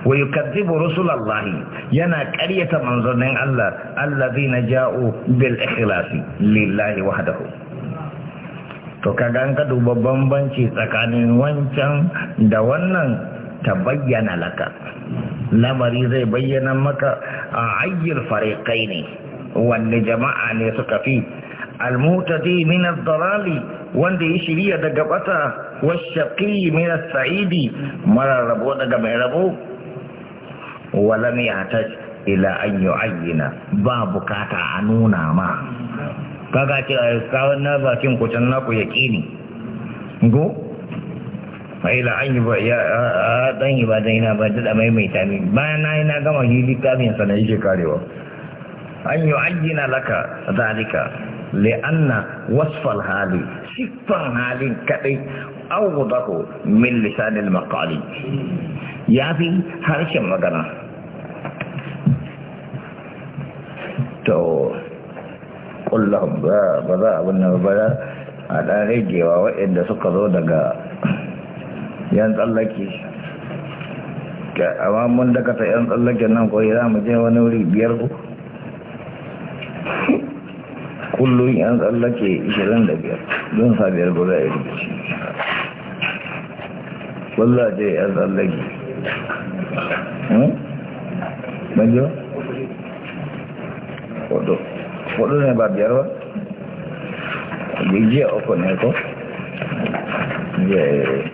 wa kadibu rusulallahi yana ƙaryata manzonin Allah allazina ja'u bil ikhlasi lillahi wahdahu to kaga an ka duba bambanci tsakanin wancan da wannan ta bayyana laka lamari zai bayyana maka a ayyar farekai ne wanne jama'a ne suka fi almutadi min dalali wanda ya shirya daga bata washaqi min as-sa'idi mara rabo daga mai rabo wala mi ataj ila an yu'ayyina ba bukata a nuna ma kaga ce a kawon na bakin kucin naku yaqini go ila an yi ba ya dan yi ba dan ina ba da maimaita ni bayan na yi na gama yi littafin sa na yake karewa an yi ajina laka zalika li'anna wasfal hali siffan halin kadai awdahu min lisanil maqali yafi harshen magana to kullum ba za a wannan ba a ɗan ragewa waɗanda suka zo daga yan tsallake amma mun dakata yan tsallake nan kawai za mu je wani wuri biyar ku kullum yan tsallake 25 don sabiyar guda ya rikici wallah je yan tsallake hmm? banjo? wato wato ne ba biyar ba? jijiya uku ne ko? jijiya eh, eh.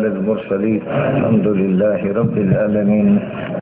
على المرسلين الحمد لله رب العالمين